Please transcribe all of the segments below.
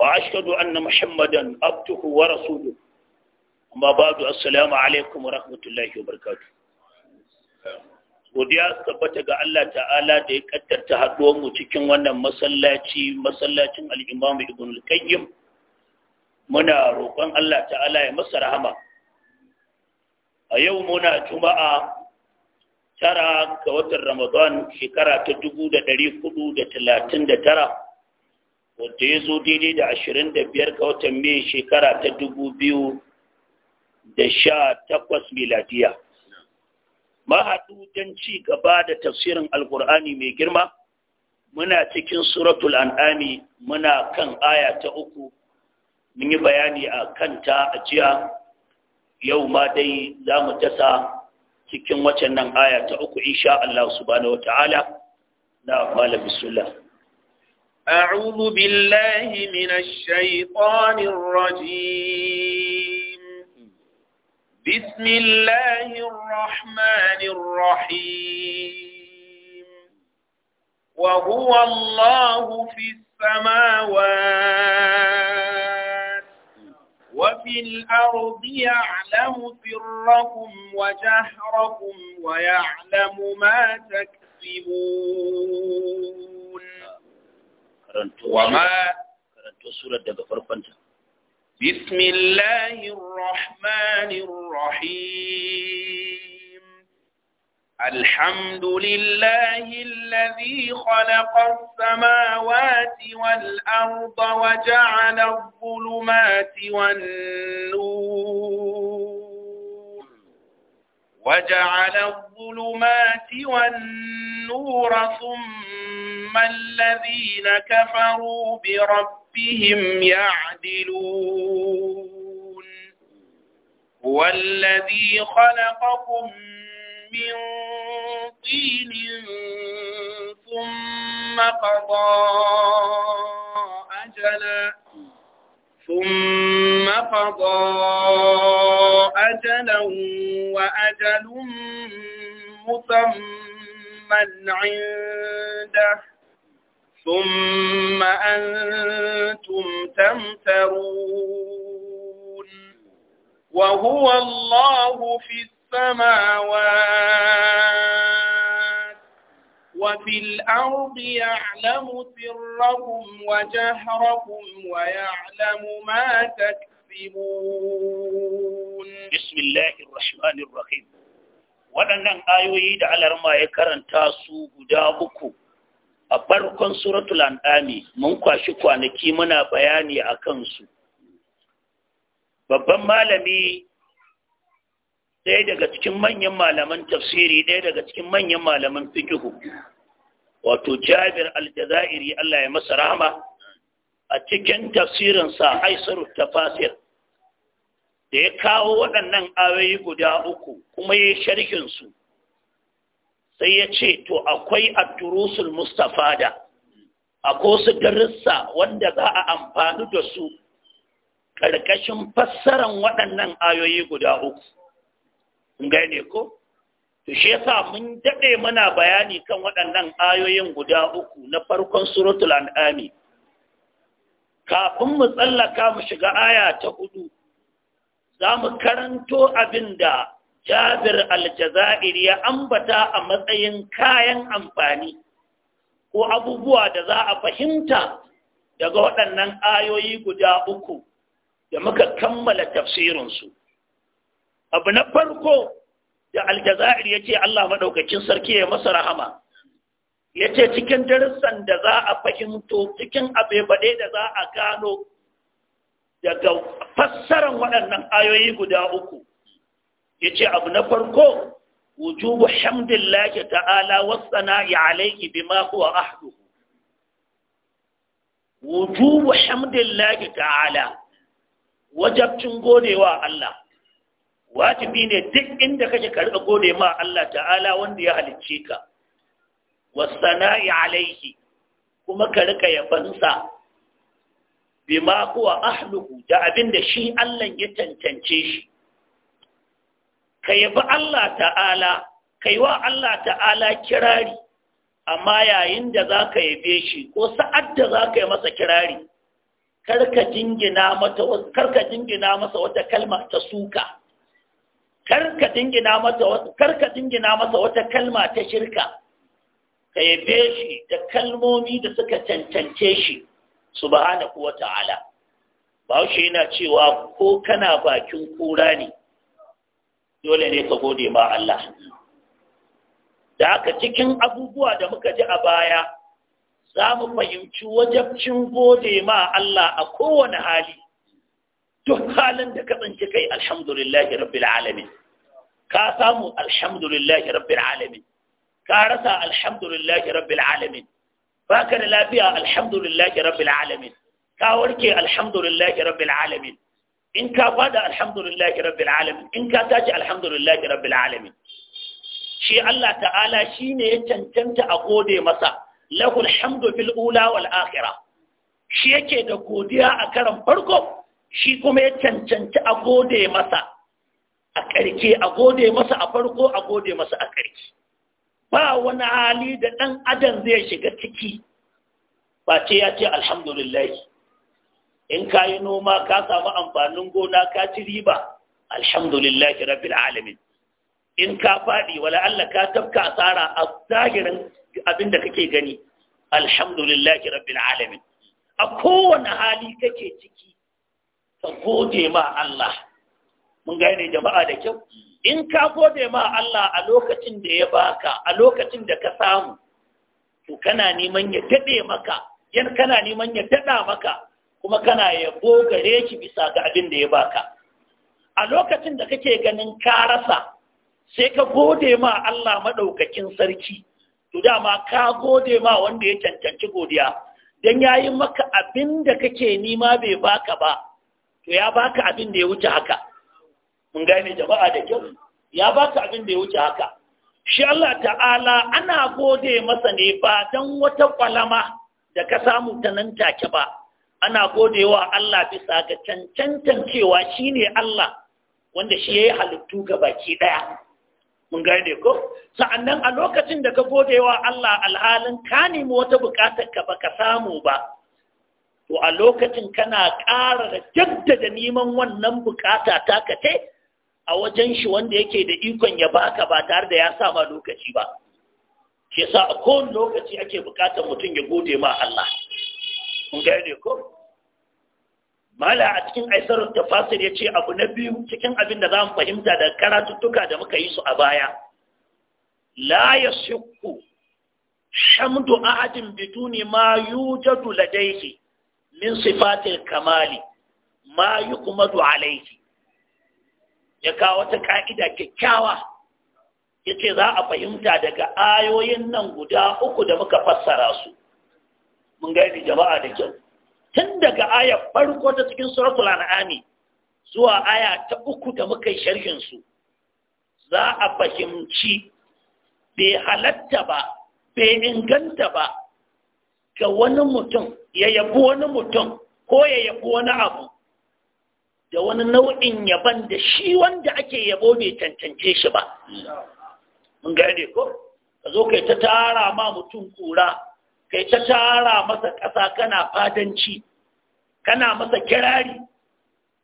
وأشهد أن محمدا أبته ورسوله amma بعد assalamu alaikum wa rahmatullahi wa godiya tabbata ga Allah ta'ala da ya kaddarta haɗuwar mu cikin wannan masallaci masallacin al-Imam Ibn al-Qayyim muna roƙon Allah ta'ala ya masa rahama a yau muna juma'a tara ga watan Ramadan shekara ta 1439 wadda ya zo daidai da ashirin da biyar ga watan mai shekara ta dubu biyu da sha takwas miladiya mahaɗu don ci gaba da tafsirin alkur'ani mai girma muna cikin suratul an'ami muna kan aya ta uku mun yi bayani a kanta a jiya yau ma dai za mu dasa cikin waccan nan aya ta uku insha Allah subhanahu wa ta'ala na malam bismillah أعوذ بالله من الشيطان الرجيم بسم الله الرحمن الرحيم وهو الله في السماوات وفي الأرض يعلم سركم وجهركم ويعلم ما تكسبون وما بسم الله الرحمن الرحيم الحمد لله الذي خلق السماوات والأرض وجعل الظلمات والنور وجعل الظلمات والنور ثم الذين كفروا بربهم يعدلون هو الذي خلقكم من طين ثم قضى أجلاً ثم قضى أجلا وأجل مسمى عنده ثم أنتم تمترون وهو الله في السماوات وفي الأرض يعلم سركم وجهركم waɗannan ayoyi da alarma ya karanta su guda uku a farkon suratul an'ami mun kwashi kwanaki muna bayani a kansu babban malami ɗaya daga cikin manyan malaman tafsiri ɗaya daga cikin manyan malaman fikihu wato jabir aljazairi Allah ya masa rahama a cikin tafsirinsa aisaru tafasir da ya kawo waɗannan ayoyi guda uku kuma ya yi sharhinsu sai ya ce to akwai atturusul da. akwai su darussa wanda za a amfani da su ƙarƙashin fassaran waɗannan ayoyi guda uku gane ko to shi yasa mun dade muna bayani kan waɗannan ayoyin guda uku na farkon suratul an'ami kafin mu tsallaka mu shiga aya ta hudu za mu karanto abinda Jabir al-Jazair ya ambata a matsayin kayan amfani ko abubuwa da za a fahimta daga waɗannan ayoyi guda uku da muka kammala tafsirinsu. abu na farko da aljazair ya ce Allah maɗaukacin sarki ya masa rahama ya ce cikin darussan da za a fahimto cikin abebaɗe da za a gano daga fassarar waɗannan ayoyi guda uku ya ce abu na farko wujubu hamdillahi ta'ala wasana ya alaiki bima huwa ahdu wujubu hamdillahi ta'ala wajabcin godewa Allah wajibi ne duk inda kake karɓa gode ma Allah ta'ala wanda ya halicce ka wasana'i alaihi kuma ka rika yabansa bima kuwa ahluhu da abin da shi Allah ya tantance shi ka yabi Allah ta'ala kai wa Allah ta'ala kirari amma yayin da za ka yabe shi ko sa'ad da za ka yi masa kirari karka jingina masa wata kalma ta suka karka dingina masa wata karka dingina masa wata kalma ta shirka ka yabe shi da kalmomi da suka cancance shi subhanahu wata'ala shi yana cewa ko kana bakin kura ne dole ne ka gode ma Allah da haka cikin abubuwa da muka ji a baya za mu fahimci wajabcin gode ma Allah a kowane hali duk halin da ka tsanci kai alhamdulillahi rabbil alamin ka samu alhamdulillahi rabbil alamin ka rasa alhamdulillahi rabbil alamin baka da lafiya alhamdulillahi rabbil alamin ka warke alhamdulillahi rabbil alamin in ka fada alhamdulillahi rabbil alamin in ka tashi alhamdulillahi rabbil alamin shi Allah ta'ala shine ya cancanta a gode masa lahul hamdu fil ula wal akhirah shi yake da godiya a karan farko shi kuma ya cancanci a gode masa a ƙarke a gode masa a farko a gode masa a ƙarke ba wani hali da ɗan adam zai shiga ciki ba ce ya ce alhamdulillah in ka yi noma ka samu amfanin gona ka ci riba alhamdulillah rabbil alamin in ka faɗi wala Allah ka tafka asara a zahirin abin da kake gani alhamdulillah rabbil alamin a kowane hali kake ciki ka gode ma Allah mun gane jama'a da kyau in ka gode ma Allah a lokacin da ya baka a lokacin da ka samu to kana neman ya dade maka yan kana neman ya dada maka kuma kana ya gogare ki bisa ga abin da ya baka a lokacin da kake ganin ka rasa sai ka gode ma Allah madaukakin sarki to dama ka gode ma wanda ya cancanci godiya dan yayi maka abin da kake nima bai baka ba to ya baka abin da ya wuce haka mun gane jama'a da kyau ya baka abin da ya wuce haka shi Allah ta'ala ana gode masa ne ba dan wata kwalama da ka samu ta nan take ba ana godewa Allah bisa ga cancantan cewa shine Allah wanda shi yayi halittu ga baki daya mun gane ko sa'annan a lokacin da ka wa Allah alhalin ka nemi wata bukatar ka baka samu ba to a lokacin kana ƙara da jaddada neman wannan bukata ta kace a wajen shi wanda yake da ikon ya baka ba tare da ya sa ma lokaci ba ke sa a kowane lokaci ake bukatar mutum ya gode ma Allah mun ga ne ko mala a cikin aisar tafasir ya ce abu na biyu cikin abin da za mu fahimta da karatuttuka da muka yi su a baya la ya shukku shamdu ahadin bituni ma yujadu ladayhi min sifatil kamali ma yuqmadu alayhi ya kawo wata ka'ida kyakkyawa yace za a fahimta daga ayoyin nan guda uku da muka fassara su mun gani jama'a da kyau tun daga aya farko ta cikin suratul an'ami zuwa aya ta uku da muka yi sharhin su za a fahimci bai halatta ba bai inganta ba ga wani mutum ya yabi wani mutum ko ya yabi wani abu da wani nau'in yaban da shi wanda ake yabo bai tantance shi ba mun gane ko ka zo kai ta tara ma mutum kura kai ta tara masa ƙasa kana fadanci kana masa kirari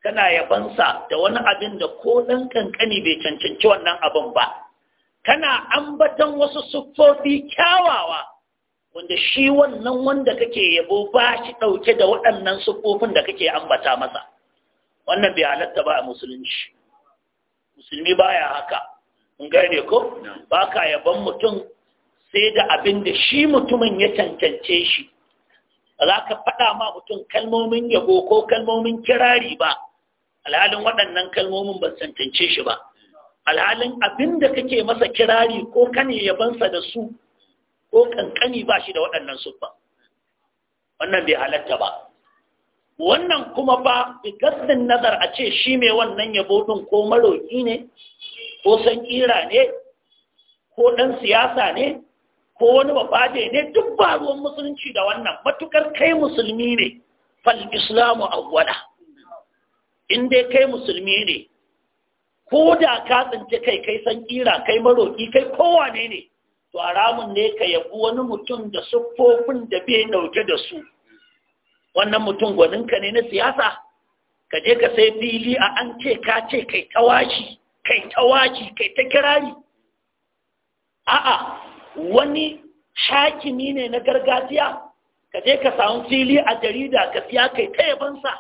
kana yabansa da wani abin da ko ɗan kankani bai cancanci wannan abin ba kana ambatan wasu siffofi kyawawa wanda shi wannan wanda kake yabo ba shi ɗauke da waɗannan siffofin da kake ambata masa wannan bai halatta ba a musulunci musulmi baya haka mun gane ko ba ka yaban mutum sai da abin da shi mutumin ya cancance shi za ka faɗa ma mutum kalmomin yabo ko kalmomin kirari ba alhalin waɗannan kalmomin ba cancance shi ba alhalin abin da kake masa kirari ko kane yabansa da su ko kankani ba shi da waɗannan suffa wannan bai halatta ba wannan kuma ba bi gassin nazar a ce shi mai wannan yabo ɗin ko maroƙi ne ko san ƙira ne ko ɗan siyasa ne ko wani babaje ne duk ba ruwan musulunci da wannan matukar kai musulmi ne fal islamu awwala in dai kai musulmi ne ko da ka tsinci kai kai san ƙira kai maroƙi kai kowane ne to haramun ne ka yabi wani mutum da siffofin da bai dauke da su wannan mutum gwaninka ne na siyasa ka je ka sai fili a an ce ka ce kai tawashi kai tawashi kai ta kirari a'a wani shakimi ne na gargajiya ka je ka samu fili a jarida ka siya kai ta yabansa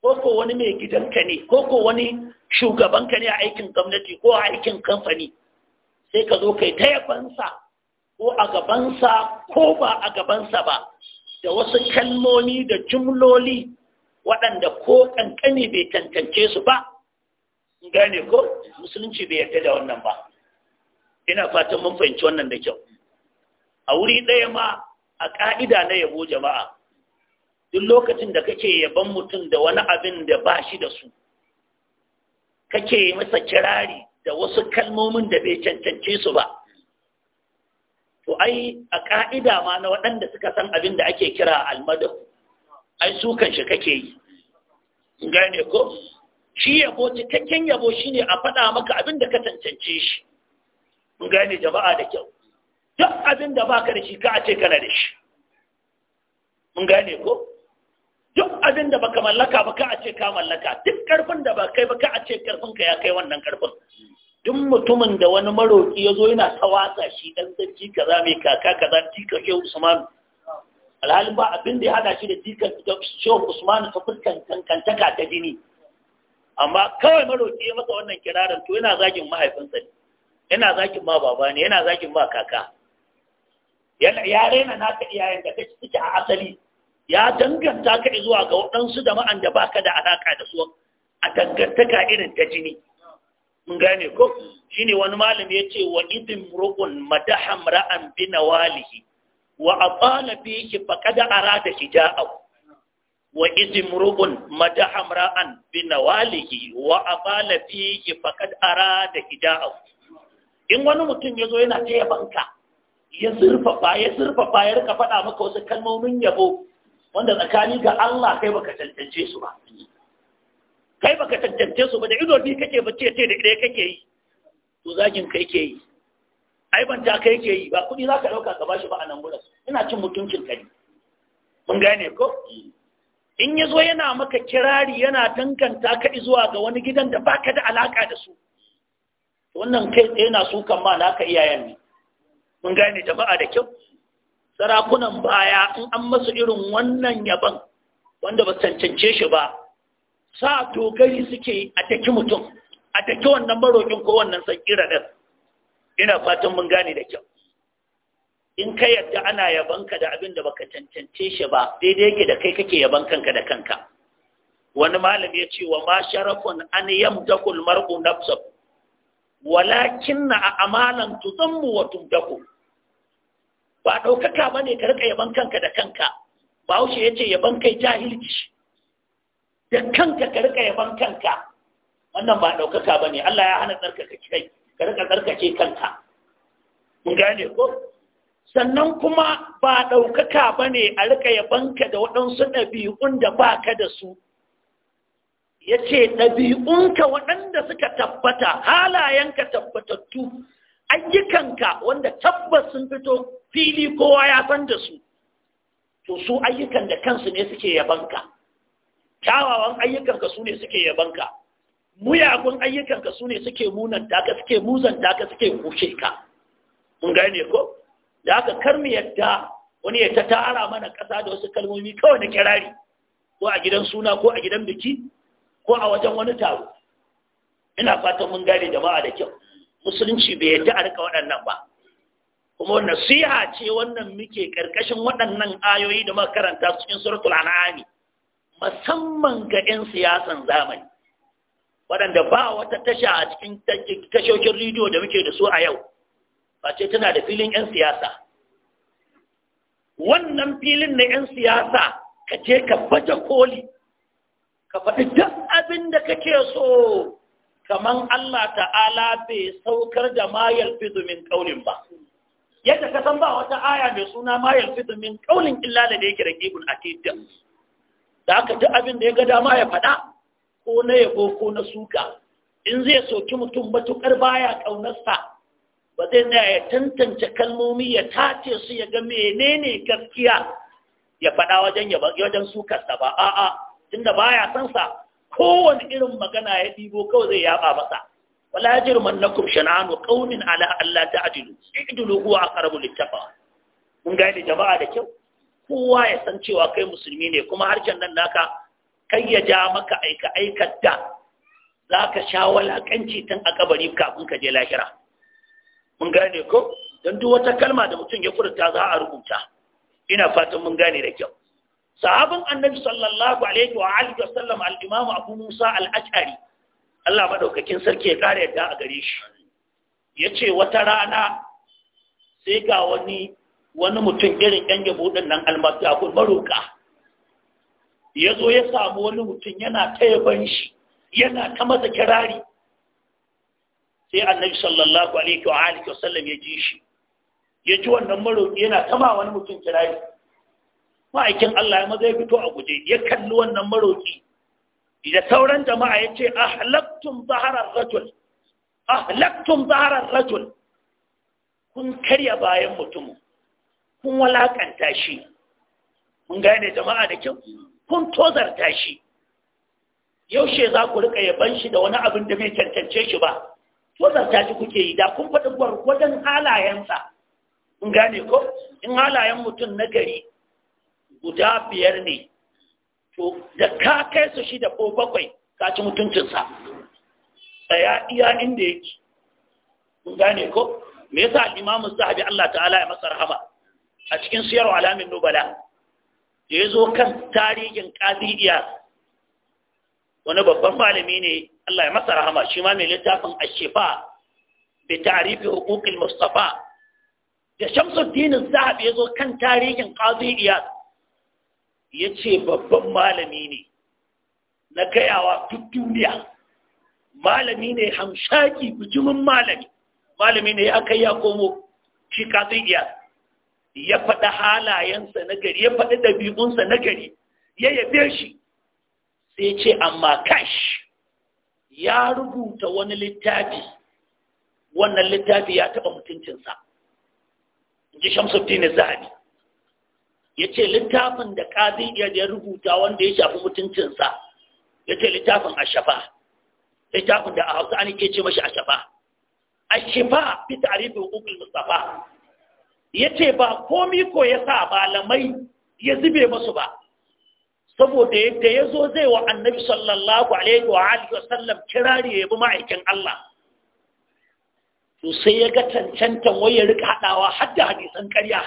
ko ko wani mai gidanka ne ko ko wani shugabanka ne a aikin gwamnati ko a aikin kamfani sai ka zo kai ta yabansa ko a gabansa ko ba a gabansa ba da wasu kalmomi da jumloli waɗanda ko ƙanƙani bai tantance su ba gane ko musulunci bai yarda da wannan ba ina fatan mun fahimci wannan da kyau a wuri ɗaya ma a ƙa'ida na yabo jama'a duk lokacin da kake yaban mutum da wani abin da ba shi da su kake masa kirari da wasu kalmomin da bai cancance su ba to ai a ƙa'ida ma na waɗanda suka san abin da ake kira almadar ai su kan shi kake yi gane ko shi yabo cikakken yabo shine a faɗa maka abin da ka cancance shi gane jama'a da kyau duk abin da baka da shi ka ce kana da shi mun gane ko duk abin da baka mallaka ba ka a ce ka mallaka duk ƙarfin da ba kai ba ka a ce ƙarfinka ka ya kai wannan ƙarfin? duk mutumin da wani maroki ya zo yana ta watsa shi ɗan sarki kaza mai kaka kaza tikar ke usman alhalin ba abin da ya hada shi da tikar shehu usman ta fuskan kankantaka ta jini amma kawai maroki ya masa wannan kirarin to yana zagin mahaifinsa ne yana zagin ma baba ne yana zagin ma kaka ya na naka iyayen da kake suke a asali ya danganta ka zuwa ga waɗansu jama'an da baka da alaka da su a dangantaka irin ta jini mun gane ko shine wani malami yace wa idin ruqun madaham ra'an bi nawalihi wa atala ara da arada hija'ahu wa idin ruqun madaham ra'an bi nawalihi wa atala ara da arada hija'ahu in wani mutum yazo yana taya banka ya zurfafa ya zurfafa ya rika faɗa maka wasu kalmomin yabo wanda tsakani ga Allah kai baka tantance su ba kai baka tantance su ba da ido bi kake ba ce da ido kake yi to zagin kai ke yi ai ban ta kai ke yi ba kuɗi za dauka ɗauka ka bashi ba a nan gurin ina cin mutuncin kai mun gane ko in ya zo yana maka kirari yana tankanta ka zuwa ga wani gidan da baka da alaka da su wannan kai tsaye na su kan ma naka iyayen ne mun gane jama'a da kyau sarakunan baya in an masu irin wannan yaban wanda ba cancance shi ba sa dogari suke a taki mutum a taki wannan marokin ko wannan san din ina fatan mun gane da kyau in ka yadda ana yaban ka da abin da baka cancance shi ba daidai yake da kai kake yaban kanka da kanka wani malami ya ce wa ma sharafun an yamtakul mar'u nafsahu walakinna a'malan tuzammu wa tumdaku ba daukaka bane ka rika yaban kanka da kanka ba ya ce yaban kai jahilci da kanka ka rika yaban kanka wannan ba ɗaukaka ba Allah ya hana tsarkaka kai ka rika tsarkake kanka mun gane ko sannan kuma ba ɗaukaka ba a rika yabanka da waɗansu ɗabi'un da ba ka da su ya ce ɗabi'unka waɗanda suka tabbata halayen ka tabbatattu ayyukanka wanda tabbas sun fito fili kowa ya san da su to su ayyukan da kansu ne suke yabanka kyawawan ayyukanka su ne suke yabanka muyagun ayyukanka su ne suke munanta ka suke muzanta ka suke kushe ka mun gane ko da haka kar yadda wani ya ta tara mana ƙasa da wasu kalmomi kawai na kirari ko a gidan suna ko a gidan biki ko a wajen wani taro ina fatan mun gane jama'a da kyau musulunci bai yadda a rika waɗannan ba kuma nasiha ce wannan muke ƙarƙashin waɗannan ayoyi da makaranta cikin suratul an'ami musamman ga 'yan siyasan zamani waɗanda ba wata tasha a cikin tashoshin rediyo da muke da su a yau face tana da filin 'yan siyasa wannan filin na 'yan siyasa ka je ka baje koli ka faɗi duk abin da kake so kamar Allah ta'ala bai saukar da mayar fidumin ƙaunin ba yadda ka san ba wata aya mai suna mayar fidumin ƙaunin illa da yake da gibin a titin da aka ta abin da ya ga dama ya faɗa ko na yabo ko na suka in zai soki mutum matuƙar baya ƙaunarsa ba zai na ya tantance kalmomi ya tace su ya ga menene gaskiya ya faɗa wajen ya wajen sukarsa ba a'a tunda baya san sa kowane irin magana ya ɗibo kawai zai yaba masa wala jirman nakum shana'anu qaumin ala alla ta'dilu i'dilu huwa aqrabu littaqwa mun gani jama'a da kyau kowa ya san cewa kai musulmi ne kuma harshen nan naka kai ya ja maka aika aikar da za ka sha walakanci tun a kabari kafin ka je lahira mun gane ko don duk wata kalma da mutum ya furta za a rubuta ina fatan mun gane da kyau sahabin annabi sallallahu alaihi wa alihi wasallam al-imam abu musa al-ash'ari Allah madaukakin sarki ya kare yadda a gare shi yace wata rana sai ga wani wani mutum irin ƴan yabo din nan almasu akwai maroka ya zo ya samu wani mutum yana ta yaban shi yana ta masa kirari sai annabi sallallahu alaihi wa alihi wa sallam ya ji shi ya ji wannan maroƙi yana ta ma wani mutum kirari ma'aikin Allah ya maza ya fito a guje ya kalli wannan maroƙi. da sauran jama'a ya ce ahlaktum zaharar rajul ahlaktum zaharar rajul kun karya bayan mutumin kun walakanta shi mun gane jama'a da kyau kun tozarta shi yaushe za ku rika yaban shi da wani abin da bai cancance shi ba tozarta shi kuke yi da kun faɗi gwargwadon halayensa mun gane ko in halayen mutum na gari guda biyar ne to da ka kai su shi da ko bakwai ka ci mutuncinsa tsaya iya inda yake mun gane ko me yasa imamu sahabi Allah ta'ala ya masa rahama a cikin siyar alamin nubala da ya zo kan tarihin ƙazidiya wani babban malami ne Allah ya masa rahama shi ma mai littafin ashefa bai tarifi hukukul mustafa da shamsuddin zahab ya zo kan tarihin ƙazidiya ya ce babban malami ne na gayawa duk duniya malami ne hamshaki bijimin malami malami ne ya kai ya komo shi ƙazidiya ya faɗi halayensa na gari ya faɗi ɗabi'unsa na gari ya yabe shi sai ce amma kash ya rubuta wani littafi wannan littafi ya taɓa mutuncinsa ji shamsuddin zahabi ya ce littafin da ƙazi ya rubuta wanda ya shafi mutuncinsa ya ce littafin a shafa. littafin da a hausa an ke ce mashi a shafa, ashafa shafa fi tarifin ukul mustafa ya ce ba komi ko ya sa malamai ya zube masu ba saboda yadda ya zo zai wa annabi sallallahu alaihi wa alihi wasallam kirari ya bi ma'aikin Allah to sai ya ga cancantan wai ya rika haɗawa har da hadisan ƙarya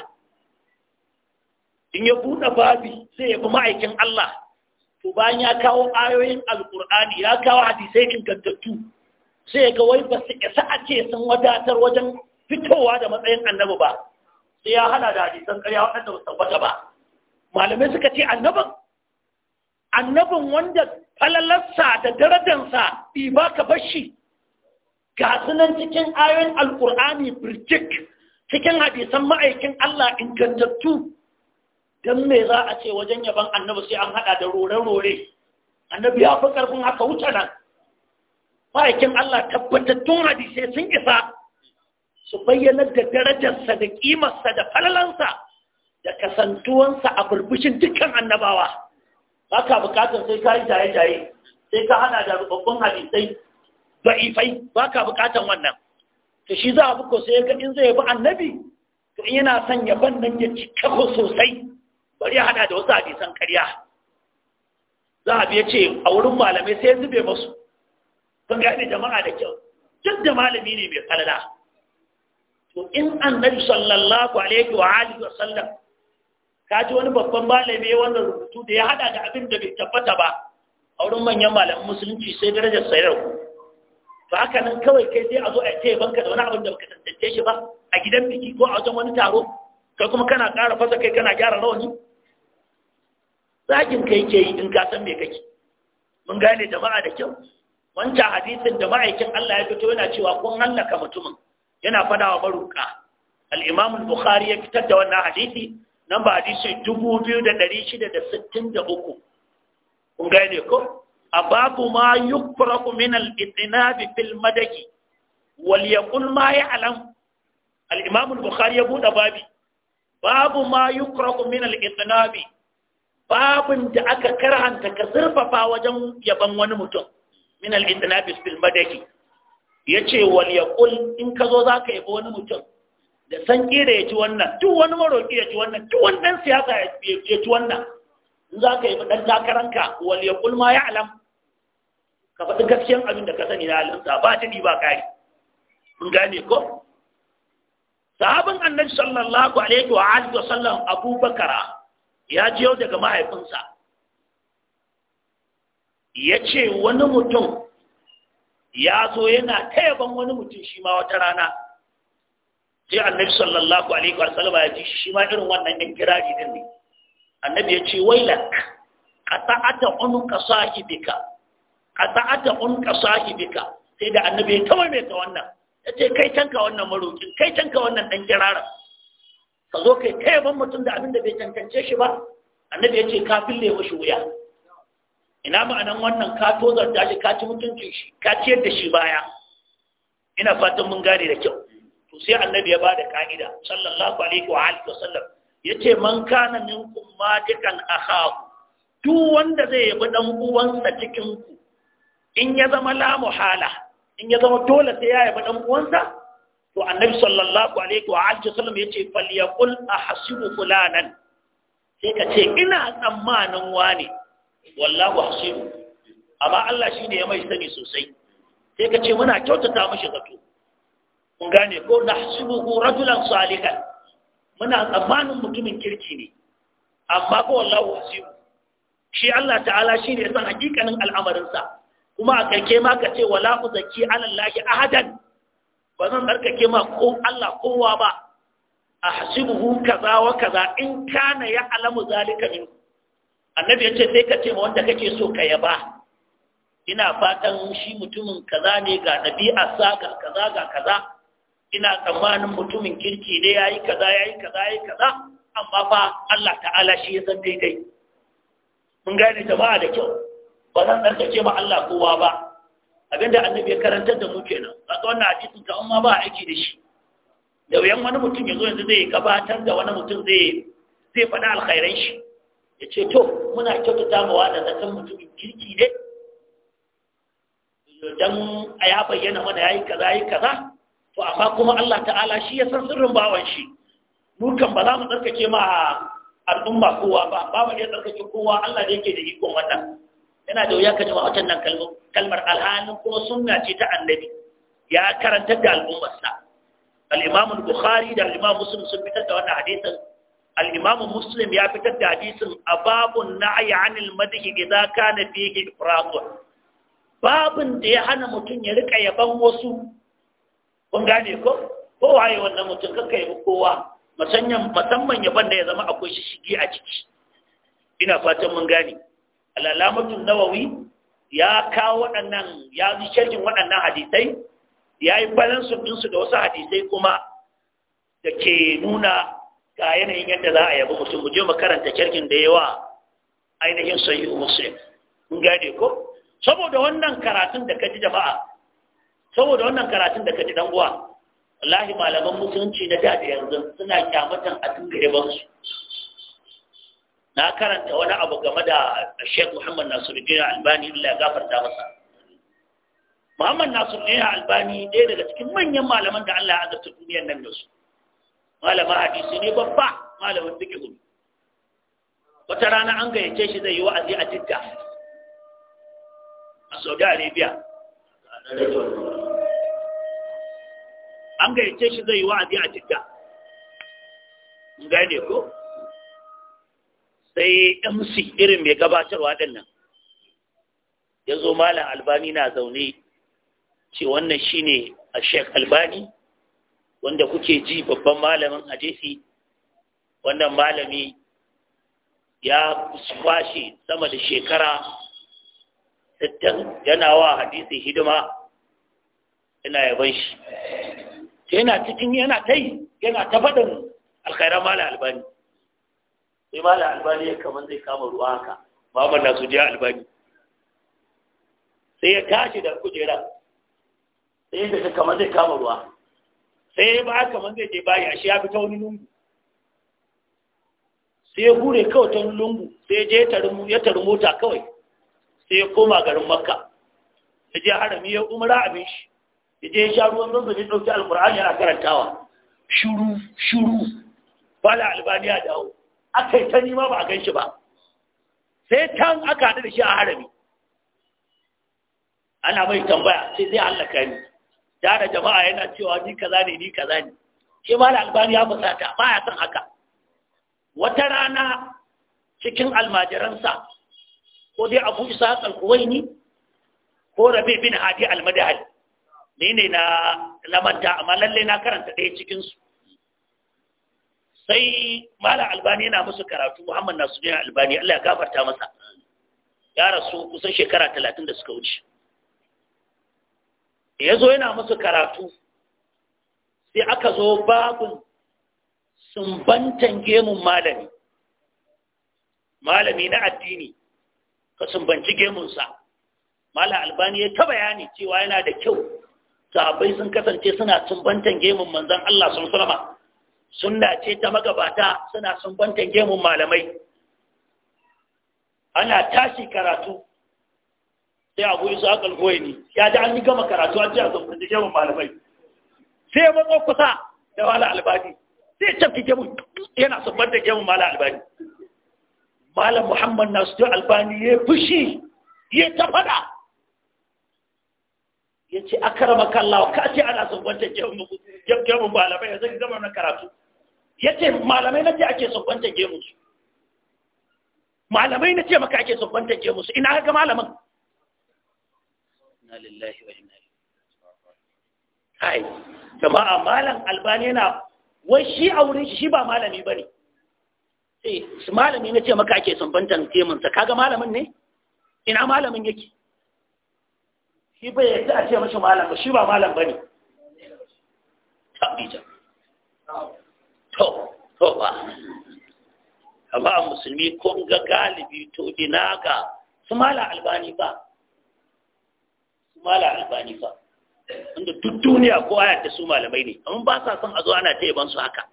in ya buɗe babi sai ya bi ma'aikin Allah to bayan ya kawo ayoyin alkur'ani ya kawo hadisai ingantattu sai ya ga wai ba su isa a ce sun wadatar wajen fitowa da matsayin annabi ba sai ya hada da hadisan ƙarya waɗanda ba tabbata ba malamai suka ce annabin annabin wanda falalarsa da darajarsa ba ka bashi ga sunan cikin ayoyin alƙur'ani birjik cikin hadisan ma'aikin Allah ingantattu don me za a ce wajen yaban annabi sai an hada da rore-rore annabi ya fi ƙarfin haka wuce nan ma'aikin Allah tabbatattun hadisai sun isa su bayyanar da darajarsa da ƙimarsa da falalansa da kasantuwansa a burbushin dukkan annabawa ba ka bukatar sai ka yi jaye-jaye sai ka hana da rubabbun hadisai ba'ifai ba ka bukatar wannan to shi za a buko sai ga in zai bi annabi to in yana son ya ban nan ya ci kafa sosai bari ya hada da wasu hadisan karya za a biya ce a wurin malamai sai ya zube masu kun gane jama'a da kyau duk da malami ne mai tsalala to in annabi sallallahu alaihi wa alihi wa sallam ka ji wani babban malami wanda rubutu da ya hada da abin da bai tabbata ba a wurin manyan malamin musulunci sai darajar sayar ku to haka nan kawai kai sai a zo a taya banka da wani abin da baka tantance shi ba a gidan biki ko a wajen wani taro kai kuma kana ƙara fasa kai kana gyara rawani zakin kai ke yi in ka san me kake mun gane jama'a da kyau wancan hadisin da ma'aikin Allah ya fito yana cewa kun hallaka mutumin yana fada wa maruka al-imam bukhari ya fitar da wannan hadisi nan ba hadisi 2663 kun gane ko A babu ma yukraku min al-ittinab fil madaki wal yaqul ma ya'lam al-imam al-bukhari ya buɗe babi babu ma yukraku min al bi. babin da aka karanta ka zurfafa wajen yaban wani mutum min al-ittinab fil madaki ya ce wal yaqul in ka zo za ka yi wani mutum da san kira ya ci wannan duk wani maroƙi ya ci wannan duk wani ɗan siyasa ya ci wannan in za ka yi ɗan takaranka wal yaqul ma ya'lam ka faɗi gaskiyan abin da ka sani na alimsa ba ta ba kari in gane ko sahabin annabi sallallahu alaihi wa alihi wa sallam abubakar ya yau daga mahaifinsa ya ce wani mutum ya zo yana tayaban wani mutum shi ma wata rana sai annabi sallallahu alaihi wa sallam ya ji shi ma irin wannan din kirari din ne annabi ya ce wailak qata'ata unqa sahibika qata'ata unqa sahibika sai da annabi ya kawai mai ta wannan Ya ce kai canka wannan marokin kai canka wannan dan kirara ka zo kai tayaban mutum da abin da bai cancance shi ba annabi ya ce kafin lewa shi wuya ina ma'anan wannan ka tozar da shi ka ci mutuncin shi ka ciyar da shi baya ina fatan mun gane da kyau to sai annabi ya bada ka'ida sallallahu alaihi wa alihi sallam yace man kana min madikan akhahu duk wanda zai yabi dan uwansa cikin ku in ya zama la muhala in ya zama dole sai ya yabi dan uwansa to annabi sallallahu alaihi wa alihi sallam yace falyaqul ahsibu fulanan sai ka ce ina tsammanin wani wallahu hasiru amma Allah shine ya mai sani sosai sai ka ce muna kyautata mashi zato kun gane ko nahsibuhu rajulan salihan muna tsammanin mutumin kirki ne amma ko wallahu hasiru shi Allah ta'ala shine ya san hakikanin sa kuma a karke ma ka ce wala uzaki alallahi ahadan ba zan tsarkake ma ko Allah kowa ba a hasibuhu kaza wa kaza in kana ya alamu zalika minhu annabi ya ce sai ka ce ma wanda kake so ka yaba ina fatan shi mutumin kaza ne ga ɗabi'a sa ga kaza ga kaza ina tsammanin mutumin kirki ne yayi kaza yayi kaza yayi kaza amma fa Allah ta'ala shi ya san daidai mun gane jama'a da kyau ba zan tsarkake ma Allah kowa ba abinda annabi ya karantar da mu kenan ta wannan hadisin ka amma ba aiki da shi da wuyan wani mutum ya zo yanzu zai gabatar da wani mutum zai zai faɗa alkhairan shi ya ce to muna kyautata ma wa da zaton mutumin kirki ne don a ya bayyana mana ya yi kaza ya yi kaza to amma kuma Allah ta'ala shi ya san sirrin bawan shi dukan ba za mu tsarkake ma al'umma kowa ba ba mu iya tsarkake kowa Allah ne yake da ikon wannan yana da wuya ka ji wannan nan kalmar alhalin kuma sunna ce ta annabi ya karantar da al'ummarsa al-imam al-bukhari da al-imam muslim sun fitar da wannan hadisin al-imam muslim ya fitar da hadisin a na'yi anil madhi idza kana fihi ifratun babin da ya hana mutum ya rika yaban wasu kun gane ko ko waye wannan mutum kanka yabi kowa musanyan musamman yaban da ya zama akwai shishigi a ciki ina fatan mun gane al-alamatul nawawi ya kawo waɗannan ya yi sharhin waɗannan hadisai ya yi balansu ɗinsu da wasu hadisai kuma da ke nuna ga yanayin yadda za a yabi mutum mu makaranta karanta kirkin da yawa ainihin sahihu muslim mun gane ko saboda wannan karatun da kaji jama'a saboda wannan karatun da kaji dan uwa wallahi malaman musulunci na da yanzu suna kyamatan a dinga gare su na karanta wani abu game da Sheikh Muhammad Nasiruddin Albani Allah ya gafarta masa Muhammad Nasiruddin Albani ɗaya daga cikin manyan malaman da Allah ya azabta duniyar nan da su malamin hadisi ne babba malamin fiqh wata rana an gayyace shi zai yi wa'azi a Jidda a Saudi Arabia an gayyace shi zai yi wa'azi a Jidda gane ko sai MC irin mai gabatarwa din nan ya zo malam albani na zaune ce wannan shine a sheik albani wanda kuke ji babban malamin hadisi wannan malami ya kwashe sama da shekara sittin yana wa hadisi hidima yana yaban shi yana cikin yana ta yi yana ta faɗin alkhairar mala albani sai mala albani ya kamar zai kama ruwa haka mamar na su jiya albani sai ya tashi da kujera sai yadda ta kamar zai kama ruwa sai ya ba aka manzai je bayi ashe ya fi ta wani lungu sai ya hure kawai ta wani lungu sai ya je ya tari mota kawai sai ya koma garin makka ya je harami ya umara abin shi ya je ya sha ruwan zanzan ya ɗauki alkur'ani yana karantawa shuru shuru bala albaniya dawo aka yi ta nima ba a gan shi ba sai tan aka haɗu da shi a harami ana mai tambaya sai zai hallaka ni tare jama'a yana cewa ni kaza ne ni kaza ne shi ma albani ya musata ba ya san haka wata rana cikin almajiransa ko dai abu isa alkuwaini ko rabi bin hadi almadahal ni ne na lamanta amma lalle na karanta ɗaya cikinsu sai malam albani yana musu karatu muhammad nasiru albani allah ya gafarta masa ya rasu kusan shekara talatin da suka wuce ya zo yana musu karatu sai aka zo babu sumbantan gemun malami malami na addini ka sumbanci gemunsa mala albani ya ta bayani cewa yana da kyau sahabbai sun kasance suna sumbantan gemun manzan Allah sun sulama sun ce ta magabata suna sumbantan gemun malamai ana tashi karatu sai abu isa akal ne ya ji an yi gama karatu an jiya zaune da yawan malamai sai ya matsa kusa da wala albani sai ya cafi gemun yana sabbar da gemun mala albani malam muhammad na su albani ya fushi ya ta fada ya ce a karama kallawa ka ce ana da gemun malamai ya zai gama na karatu ya ce malamai na ce ake da gemun su malamai na ce maka ake da gemun su ina ga malamin inna lillahi wa inna ilaihi kai jama'a malam albani yana wai shi a wurin shi ba malami bane eh malami na ce maka ake sumbantan temun sa kaga malamin ne ina malamin yake shi bai yadda a ce mashi malam ba shi ba malam bane tabbija to to ba amma musulmi kun ga galibi to ina ga su malam albani ba mala albani fa inda duk duniya ko aya ta su malamai ne amma ba sa son a zo ana ta yaban su haka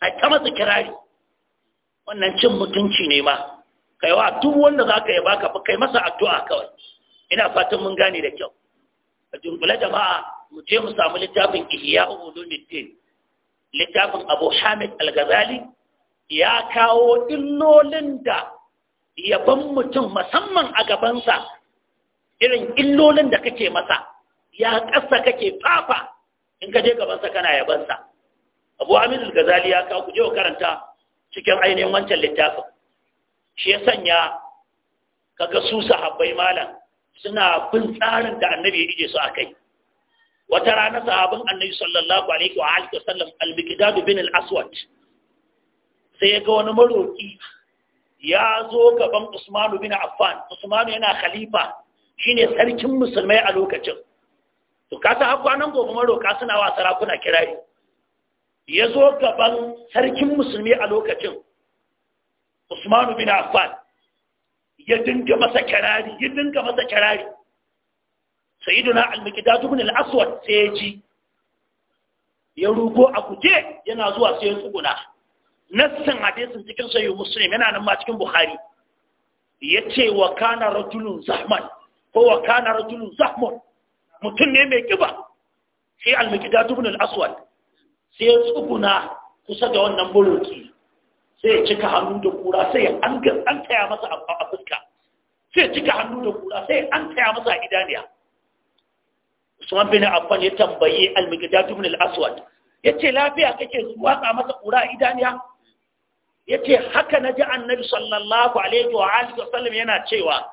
a ta masa kirari wannan cin mutunci ne ma kai wa duk wanda zaka yaba ka kai masa addu'a kawai ina fatan mun gane da kyau a jumbula jama'a mu je mu samu littafin ihya ulumuddin littafin abu hamid al-ghazali ya kawo illolin da yaban mutum musamman a gabansa irin illolin da kake masa ya ƙasa kake fafa in ka je gabansa kana yabansa abu aminu gazali ya kawo kujewa karanta cikin ainihin wancan littafin shi ya sanya kaga su sahabbai malam suna bin tsarin da annabi ya ije su a kai wata rana sahabin annabi sallallahu alaihi wa alihi wasallam al-miqdad bin al-aswad sai ya ga wani maroki ya zo gaban Usmanu bin Affan Usmanu yana khalifa shine sarkin musulmai a lokacin to ka san nan gobe maroka suna wa sarakuna kirari ya zo gaban sarkin musulmi a lokacin Usmanu bin Affan ya dinga masa kirari ya dinga masa kirari sayyiduna al-miqdad ibn al-aswad sai ya ji ya rugo a kuje yana zuwa sai ya tsuguna nassan hadisin cikin sahih muslim yana nan ma cikin bukhari yace wa kana rajulun zahman ko wa kana rajulun zahmun mutum ne mai kiba sai al-miqdad ibn al-aswad sai ya tsuguna kusa da wannan buruki sai ya cika hannu da kura sai an an taya masa a fuska sai ya cika hannu da kura sai an taya masa a idaniya Usman bin Affan ya tambaye al-miqdad ibn al-aswad yace lafiya kake zuwa ka masa kura a idaniya yace haka naji annabi sallallahu alaihi wa alihi wasallam yana cewa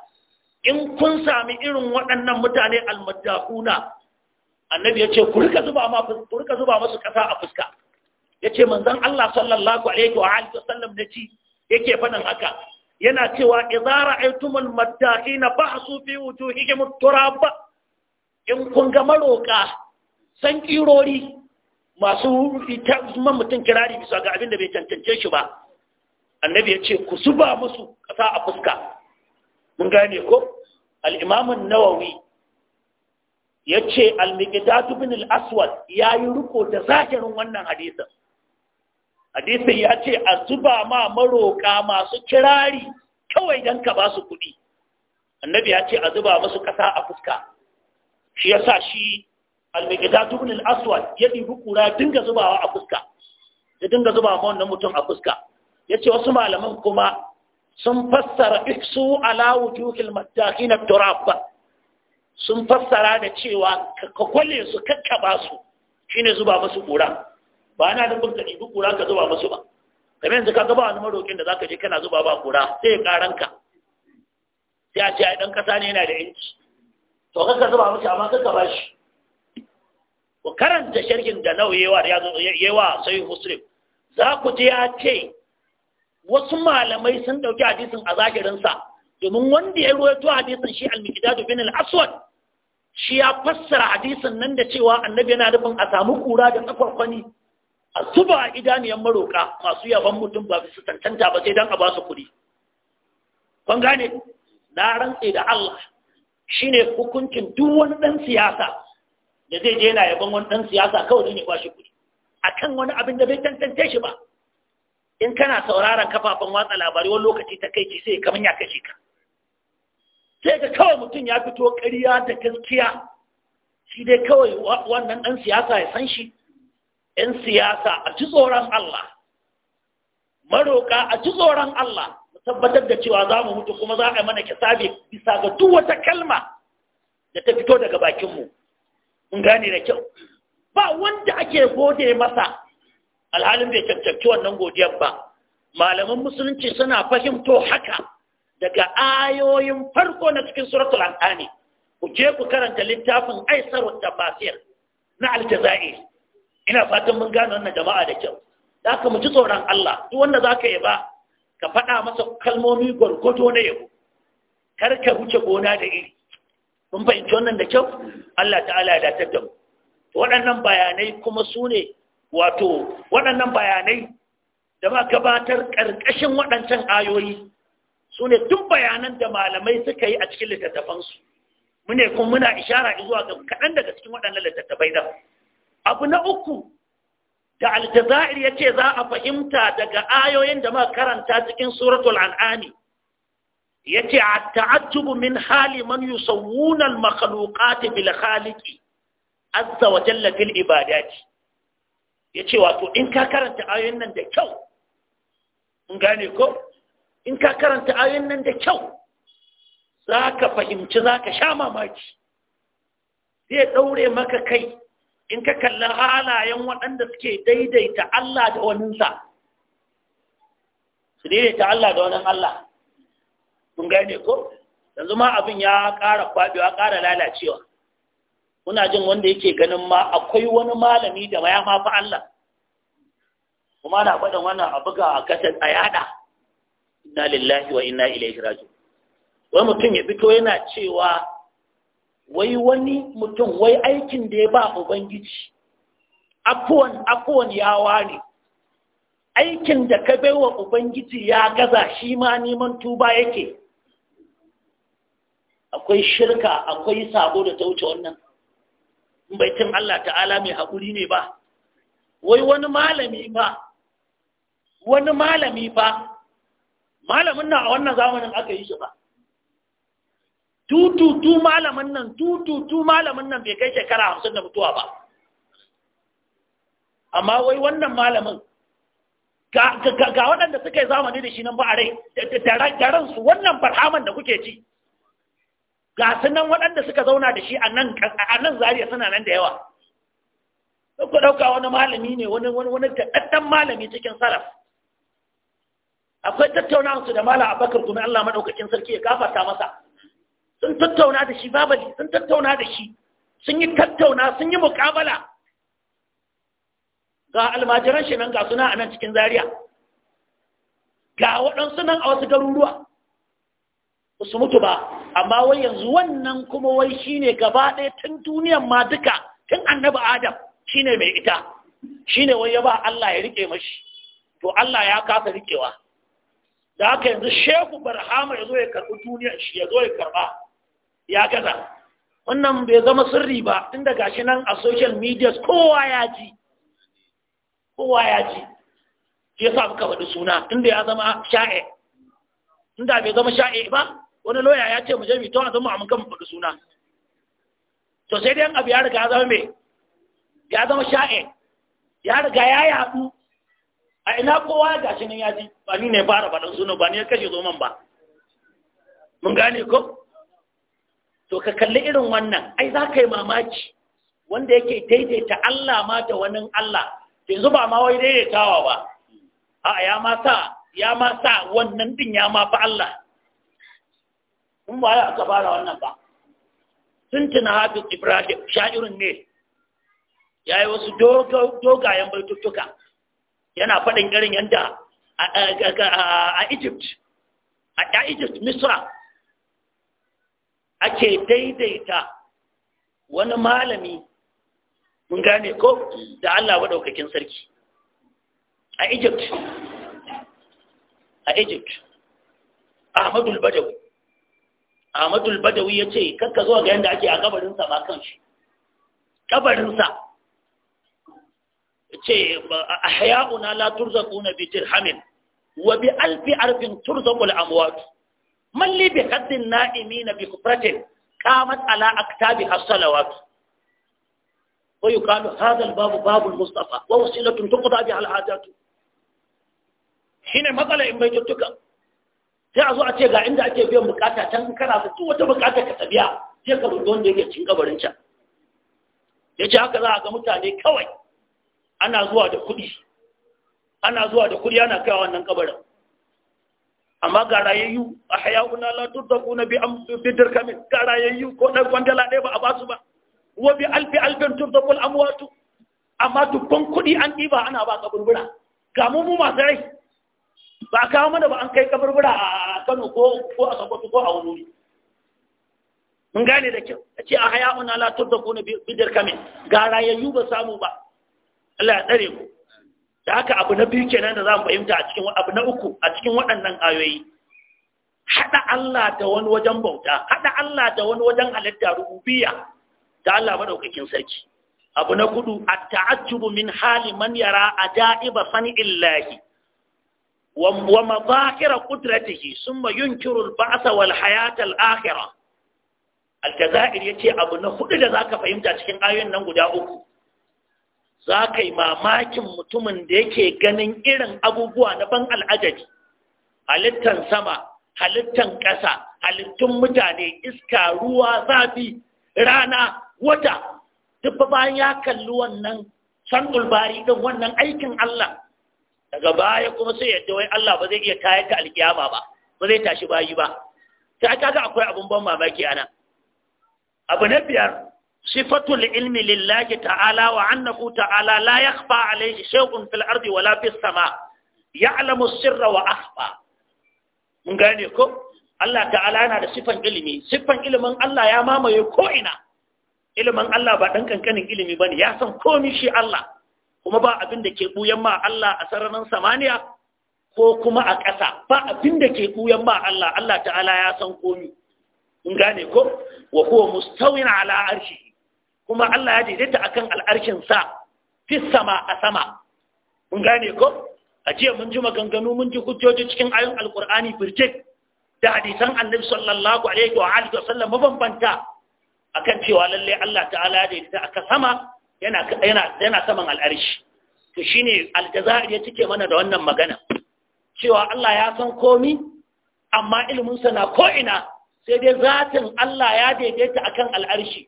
in kun sami irin waɗannan mutane almajahuna annabi ya ce ku rika zuba masu ƙasa a fuska ya ce manzan Allah sallallahu alaihi wa alihi sallam na ci yake faɗin haka yana cewa idza ra'aytumul mattaqina bahsu fi wujuhihim turab in kun ga maroka san kirori masu ita kuma mutum kirari bisa ga abin da bai cancance shi ba annabi ya ce ku zuba musu ƙasa a fuska mun gane ko al'imamun nawawi ya ce al bin al-aswad ya yi riko da zahirin wannan hadisin hadisin ya ce a zuba ma maroka masu kirari kawai don ka ba su kuɗi annabi ya ce a zuba musu ƙasa a fuska shi ya sa shi al-miqdad bin al-aswad ya ɗibi kura dinga zubawa a fuska ya dinga zuba ma wannan mutum a fuska ya ce wasu malaman kuma sun fassara iksu ala wujuhil mattaqina turabba sun fassara da cewa ka kwale su kakkaba su shine zuba musu kura ba na da kun ka dibi kura ka zuba musu ba kamar yanzu ka gaba wani marokin da zaka je kana zuba ba kura sai karanka sai a ce ai dan kasa ne yana da yanci to kaka zuba musu amma kaka ba shi ku karanta sharhin da nauyewa ya zo yawa sai muslim za ku ji ya ce wasu malamai sun ɗauki hadisin a zahirinsa domin wanda ya ruwaito hadisin shi al-miqdad bin al-aswad shi ya fassara hadisin nan da cewa annabi yana nufin a samu kura da tsakwakwani. a zuba a idaniyan maroka masu yaban mutum ba su tantanta ba sai don a ba su kuɗi kun na rantse da Allah shine hukuncin duk wani dan siyasa da zai je yana yaban wani dan siyasa kawai ne ba shi kuɗi akan wani abin da bai tantance shi ba in kana sauraron kafafen watsa labarai wani lokaci ta kai ce sai ya kashe ka sai ka kawai mutum ya fito ƙarya da gaskiya shi dai kawai wannan ɗan siyasa ya san shi ‘yan siyasa a ci tsoron Allah maroƙa a ci tsoron Allah mu tabbatar da cewa za mu mutu kuma za a yi mana kisabe bisa ga duk wata kalma da ta fito daga bakinmu mun gane da kyau ba wanda ake gode masa alhalin bai cancanci wannan godiyar ba malaman musulunci suna fahimto haka daga ayoyin farko na cikin suratul an'ami ku je ku karanta littafin aisarun tafasir na aljazair ina fatan mun gano wannan jama'a da kyau da ka mu tsoron Allah duk wanda za ka yi ba ka faɗa masa kalmomi gwargwado na yabo kar ka wuce gona da iri mun fahimci wannan da kyau Allah ta'ala ya datar da mu waɗannan bayanai kuma su ne wato waɗannan bayanai da ma gabatar ƙarƙashin waɗancan ayoyi su ne tun bayanan da malamai suka yi a cikin littattafansu mune kun muna ishara zuwa ga kaɗan daga cikin waɗannan littattafai da abu na uku da aljazair ya ce za a fahimta daga ayoyin da ma karanta cikin suratul an'ami ya ce a ta'ajjubu min hali man yusawunan al-makhluqati bil khaliqi azza wa jalla ibadati ya ce wato in ka karanta ayoyin nan da kyau in gane ko in ka karanta ayoyin nan da kyau za ka fahimci za ka sha mamaki zai ɗaure maka kai in ka kalli halayen waɗanda suke daidaita Allah da waninsa su daidaita Allah da wanin Allah kun gane ko yanzu ma abin ya ƙara kwaɓewa ƙara lalacewa kuna jin wanda yake ganin ma akwai wani malami da ya ma Allah kuma na faɗin wannan a buga a kasar a yada inna lillahi wa inna ilaihi raji'un wai mutum ya fito yana cewa wai wani mutum wai aikin da ya ba ubangiji afuwan afuwan ya ware aikin da ka baiwa ubangiji ya gaza shi ma neman tuba yake akwai shirka akwai sabo da ta wuce wannan bai cin Allah ta'ala mai haƙuri ne ba wai wani malami ba wani malami ba malamin nan a wannan zamanin aka yi shi ba tututu malamin nan tututu malamin nan bai kai shekara hamsin da mutuwa ba amma wai wannan malamin ga waɗanda suka yi zamani da shi nan ba a rai da ransu wannan farhaman da kuke ci ga su nan waɗanda suka zauna da shi a nan zariya suna nan da yawa ku ɗauka wani malami ne wani wani taɗaɗɗen malami cikin saraf akwai tattauna su da mala abakar kuma allah maɗaukakin sarki ya gafarta masa sun tattauna da shi babali sun tattauna da shi sun yi tattauna sun yi muƙabala ga almajiran shi nan ga suna a nan cikin zariya ga waɗansu nan a wasu garuruwa su mutu ba amma wai yanzu wannan kuma wai shine gaba ɗaya tun duniyar ma duka tun annabi adam shine mai ita shine wai ya ba Allah ya rike mashi to Allah ya kasa rikewa da haka yanzu shehu barhama ya zo ya karɓi duniyar shi ya zo ya karɓa ya gaza wannan bai zama sirri ba tun gashi nan a social media kowa ya ji kowa ya ji shi sa suka faɗi suna inda ya zama sha'e inda bai zama sha'e ba wani loya ya ce mu je mu to a zama mun kan faɗi suna to sai dai abu ya riga ya zama me ya zama sha'e ya riga ya yaɗu a ina kowa ga shi nan ya ji ba ni ne fara faɗin suna ba ni ya kashe zoman ba mun gane ko to ka kalli irin wannan ai za ka yi mamaki wanda yake daidaita Allah ma da wani Allah yanzu ba ma wai daidaitawa ba a ya ma sa wannan din ya ma fa Allah in ba ya aka fara wannan ba sun tuna hafiz ibrahim sha'irin ne ya yi wasu dogayen bututtuka yana faɗin irin yadda a egypt a egypt misra ake daidaita wani malami mun gane ko da allah waɗaukakin sarki a egypt a egypt ahmadul badawi Ahmadul Badawi ya ce kakka zuwa ga yadda ake a kabarinsa ba kan shi kabarinsa ce ahya'una la turzaquna bi dirhamin wa bi alfi arfin turzaqul amwat man li bi haddin na'imi na'imin bi kufratin qamat ala aktabi as-salawat wa yuqalu hadha al-babu babul mustafa wa wasilatun tuqda biha al Shi ne matsala in bai tuttuka sai a zo a ce ga inda ake biyan bukata can kana da duk wata bukata ka tabiya sai ka rubuta wanda yake cin kabarin can ya ce haka za a ga mutane kawai ana zuwa da kuɗi ana zuwa da kuɗi ana kai wannan kabarin amma ga rayayyu a hayakuna la tuddaquna bi am bi dirkamin ga rayayyu ko dan kwandala ɗaya ba a basu ba wa bi alfi alfin tuddaqul amwatu amma dukkan kuɗi an ɗiba ana ba kaburbura ga mu mu masu rai ba a kawo mana ba an kai kaburbura a kano ko a sokoto ko a wuri mun gane da kyau a ce a haya una la tudda kuna bidar kamin ga rayayyu ba samu ba Allah ya tsare ku da haka abu na biyu kenan da za mu fahimta a cikin abu na uku a cikin waɗannan ayoyi hada Allah da wani wajen bauta hada Allah da wani wajen halitta rububiyya da Allah madaukakin sarki abu na kudu at-ta'ajjubu min hali man yara ajaiba illahi wa mazahira qudratihi summa yunkiru al-ba'sa wal hayata al-akhirah al-jazair yace abu na hudu da zaka fahimta cikin ayoyin nan guda uku zaka yi mamakin mutumin da yake ganin irin abubuwa na ban al'ajabi halittan sama halittan ƙasa halittun mutane iska ruwa zafi rana wata duk bayan ya kalli wannan san bari din wannan aikin Allah daga baya kuma sai yadda wai Allah ba zai iya tayar da alkiyama ba ba zai tashi bayi ba sai ga akwai abun ban mamaki ana abu na biyar sifatul ilmi lillahi ta'ala wa annahu ta'ala la yakhfa alayhi shay'un fil ardi wala fis sama ya'lamu sirra wa akhfa mun gane ko Allah ta'ala yana da sifan ilimi sifan ilimin Allah ya mamaye ko ina ilimin Allah ba dan kankanin ilimi bane ya san komai shi Allah kuma ba abin da ke ɓuyan ma Allah a sararin samaniya ko kuma a ƙasa ba abin da ke ɓuyan ma Allah Allah ta'ala ya san komi in gane ko wa kuwa mustawin ala arshi kuma Allah ya daidaita akan al'arshin sa fi sama a sama in gane ko a jiya mun ji maganganu mun ji hujjoji cikin ayoyin alkur'ani birjik da hadisan annabi sallallahu alaihi wa alihi wa sallam mabambanta akan cewa lalle Allah ta'ala ya daidaita aka sama yana saman al'arshi to shine aljazair ya cike mana da wannan magana cewa Allah ya san komi amma iliminsa na ko'ina sai dai zatin Allah ya daidaita akan al'arshi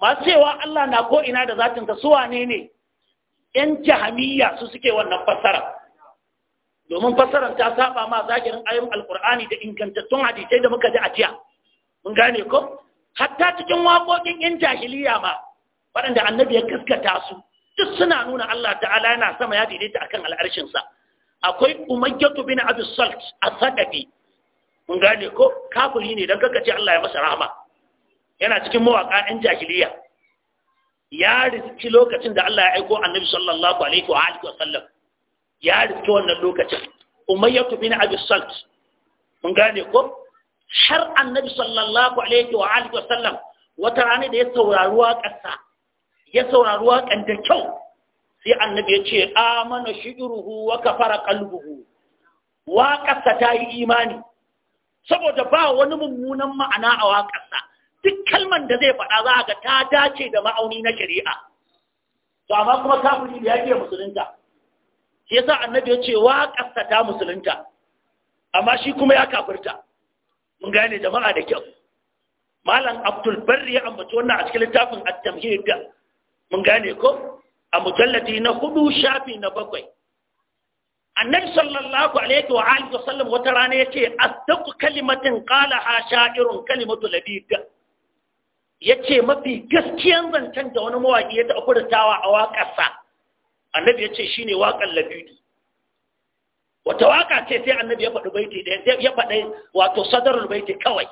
masu cewa Allah na ko'ina da zatin ka suwa ne ne ‘yan jahamiyya su suke wannan fassara domin fassarar ta saba ma zagirin ayon alkur'ani da ingantattun hadisai da muka ji a jiya mun gane ko hatta cikin waƙoƙin ‘yan jahiliya ma waɗanda annabi ya gaskata su duk suna nuna Allah ta'ala yana sama ya daidaita akan al'arshinsa akwai umayyatu bin abi salt as mun gane ko kafiri ne dan kakace Allah ya masa rahama yana cikin mawaka ɗan jahiliya ya riski lokacin da Allah ya aiko annabi sallallahu alaihi wa alihi wa sallam ya riski wannan lokacin umayyatu bin abi salt mun gane ko har annabi sallallahu alaihi wa alihi wa sallam wata rana da ya saurari waƙarsa ya saurari waƙan da kyau sai annabi ya ce amana ruhu wa kafara qalbuhu waƙarsa ta yi imani saboda ba wani mummunan ma'ana a waƙarsa duk kalman da zai faɗa za ga ta dace da ma'auni na shari'a to amma kuma kafiri da yake musulunta shi yasa annabi ya ce waƙarsa ta musulunta amma shi kuma ya kafirta mun gane jama'a da kyau malam abdul barri ya ambaci wannan a cikin littafin at-tamhid mun gane ko a mujallati na hudu shafi na bakwai annabi sallallahu alaihi wa alihi wa sallam wata rana yake astaqu kalimatin qala ha sha'irun kalimatu labid yace mafi gaskiyan zancen da wani mawaki ya ta furtawa a waƙarsa annabi yace shine waƙar Labidi. wata waka ce sai annabi ya faɗi baiti da ya faɗi wato sadarul baiti kawai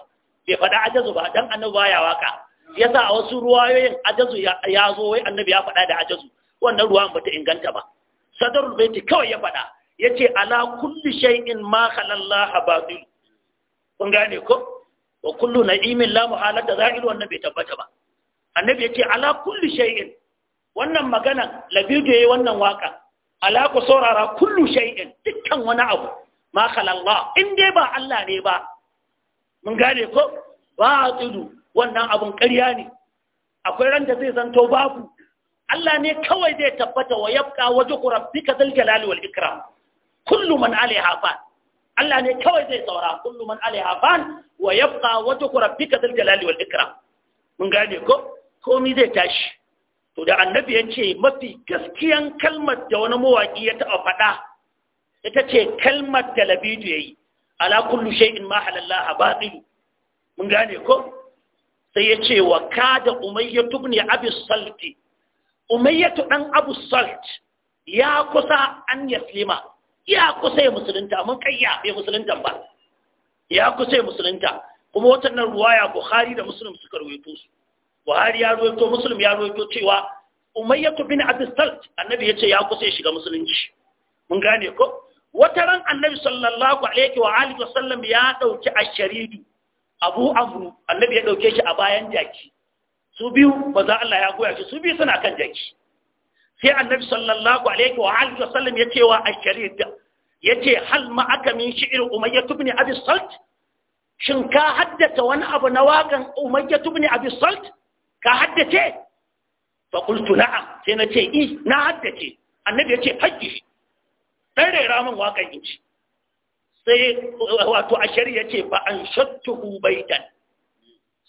bai faɗi ajazu ba dan annabi baya waka yasa a wasu ruwayoyin ajazu ya zo wai annabi ya faɗa da ajazu wannan ruwan bata inganta ba sadarul baiti kawai ya faɗa yace ala kulli shay'in ma khalallaha batil kun gane ko wa kullu na'imin la muhalata za'il wannan bai tabbata ba annabi yace ala kulli shay'in wannan magana labido yayi wannan waka ala ku saurara kullu shay'in dukkan wani abu ma khalallah in dai ba Allah ne ba mun gane ko batilu wannan abun ƙarya ne akwai ran da zai zanto babu Allah ne kawai zai tabbata wa yabqa wajhu rabbika dhal jalali wal ikram kullu man alaiha fan Allah ne kawai zai saura kullu man alaiha fan wa yabqa wajhu rabbika dhal jalali wal ikram mun gane ko komai zai tashi to da annabi yace ce mafi gaskiyan kalmar da wani mawaki ya taɓa faɗa ita ce kalmar da labidu ala kullu shay'in ma halallaha batilu mun gane ko sai ya ce wa kada umayyatu ibn abi salt umayyatu dan abu salt ya kusa an yaslima ya kusa ya musulunta mun kayya bai musulunta ba ya kusa ya musulunta kuma wannan nan ruwaya bukhari da muslim suka rawaito su buhari ya rawaito muslim ya rawaito cewa umayyatu ibn abi salt annabi ce ya kusa ya shiga musulunci mun gane ko wata ran annabi sallallahu alaihi wa alihi wasallam ya dauki asharidu abu amru annabi ya ɗauke shi a bayan jaki su biyu ba za Allah ya goya shi su biyu suna kan jaki sai annabi sallallahu alaihi wa alihi wa sallam ya ce wa asharid ya ce hal ma aka min shi'ir umayyah ibn abi salt shin ka haddata wani abu na wakan umayyah ibn abi salt ka haddace fa qultu na'am sai na ce i eh, na haddace annabi ya ce hajji dan rera min wakan inci sai wato ashar ya ce ba an shattu shattuhu baitan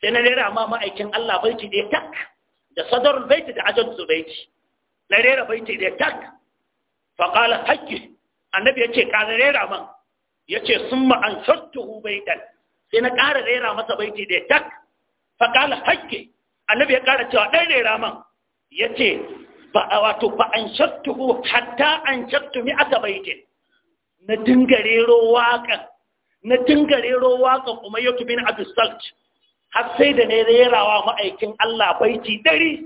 sai na rera ma ma'aikin Allah baiti da tak da sadar baiti da ajan su baiti na rera baiti da tak fa qala hakki annabi yace ka rera man yace summa an shattu shattuhu baitan sai na ƙara rera masa baiti da tak fa qala hakki annabi ya ƙara cewa dai rera man yace ba wato ba an shattuhu hatta an shattu mi aka baitin na dingarero waƙa na dingarero waƙa kuma ya na abisalt har sai da ne rerawa ma'aikin Allah baiti dari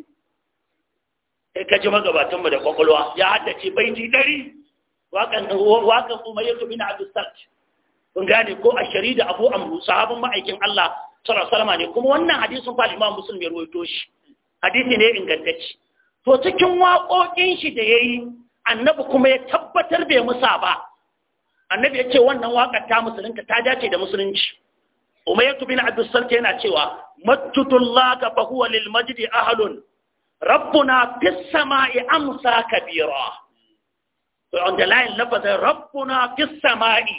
sai ka ji magabatanmu da kwakwalwa ya haddace baiti dari waka kuma ya na abisalt kun gane ko a shari da abu amru sahabin ma'aikin Allah sallallahu alaihi ne kuma wannan hadisin fa Imam Muslim ya ruwaito shi hadisi ne ingantacce to cikin waƙoƙin shi da yayi annabi kuma ya tabbatar bai musa ba annabi ya ce wannan waƙar ta musulunta ta dace da musulunci umayyatu bin abdus salk yana cewa mattutullah fa huwa lil majdi ahlun rabbuna fis sama'i amsa kabira to on the line lafazin rabbuna fis sama'i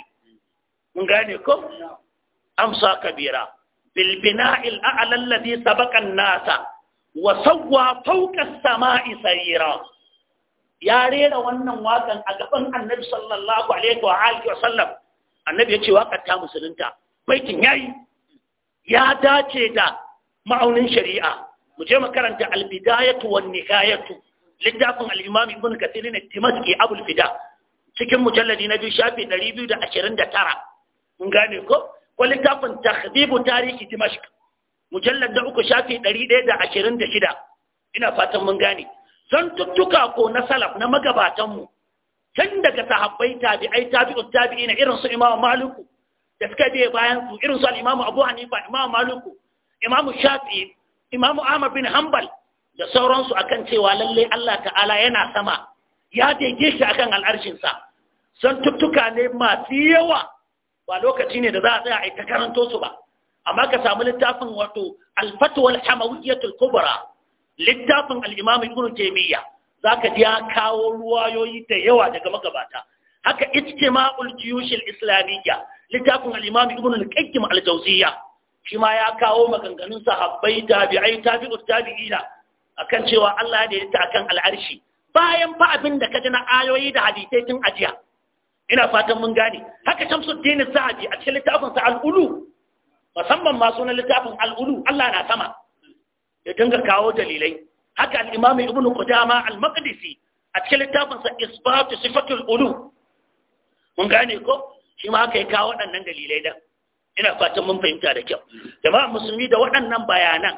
mun gane ko amsa kabira bil bina'il a'la alladhi sabaqa an-nasa wa sawwa fawqa as-sama'i sayira ya rera wannan wakan a gaban annabi sallallahu alaihi wa alihi wa sallam annabi ya ce wakar ta musulunta baitin yayi ya dace da ma'aunin shari'a mu je makaranta albidayatu wan nikayatu littafin al-imam ibn kathir ne timaski abul fida cikin mujalladi na biyu shafi 229 mun gane ko ko littafin takhdibu tarihi dimashq mujallad da uku shafi 126 ina fatan mun gane tuttuka ko na salaf na magabatanmu can daga sahabbai tabi'ai tabi'ut tabi'ina irin su imamu maliku da suka biye bayan su irin su al-imamu abu hanifa imamu maliku imamu shafi'i imamu ahmad bin hanbal da sauransu akan cewa lalle Allah ta'ala yana sama ya dege shi akan Zan tuttuka ne masu yawa ba lokaci ne da za a tsaya a yi ta karanto su ba amma ka samu littafin wato alfatwal hamawiyyatul kubra littafin al-imam ibn taymiya zaka ji ya kawo ruwayoyi da yawa daga magabata haka iske ma'ul Jiyushin islamiyya littafin al-imam ibn al-qayyim shi ma ya kawo maganganun sahabbai tabi'ai tabi'ut tabi'ina akan cewa Allah da ya ta akan al'arshi bayan fa abin da ka ji na ayoyi da hadisai tun ajiya ina fatan mun gane haka Shamsuddin Sa'di a cikin littafin sa al'ulu? musamman ma sunan littafin al'ulu Allah na sama ya dinga kawo dalilai haka al-imam ibn qudama al-maqdisi a cikin littafin sa isbatu sifatul ulu mun gane ko shi ma kai ka kawo waɗannan dalilai da ina fatan mun fahimta da kyau jama'a musulmi da waɗannan bayanan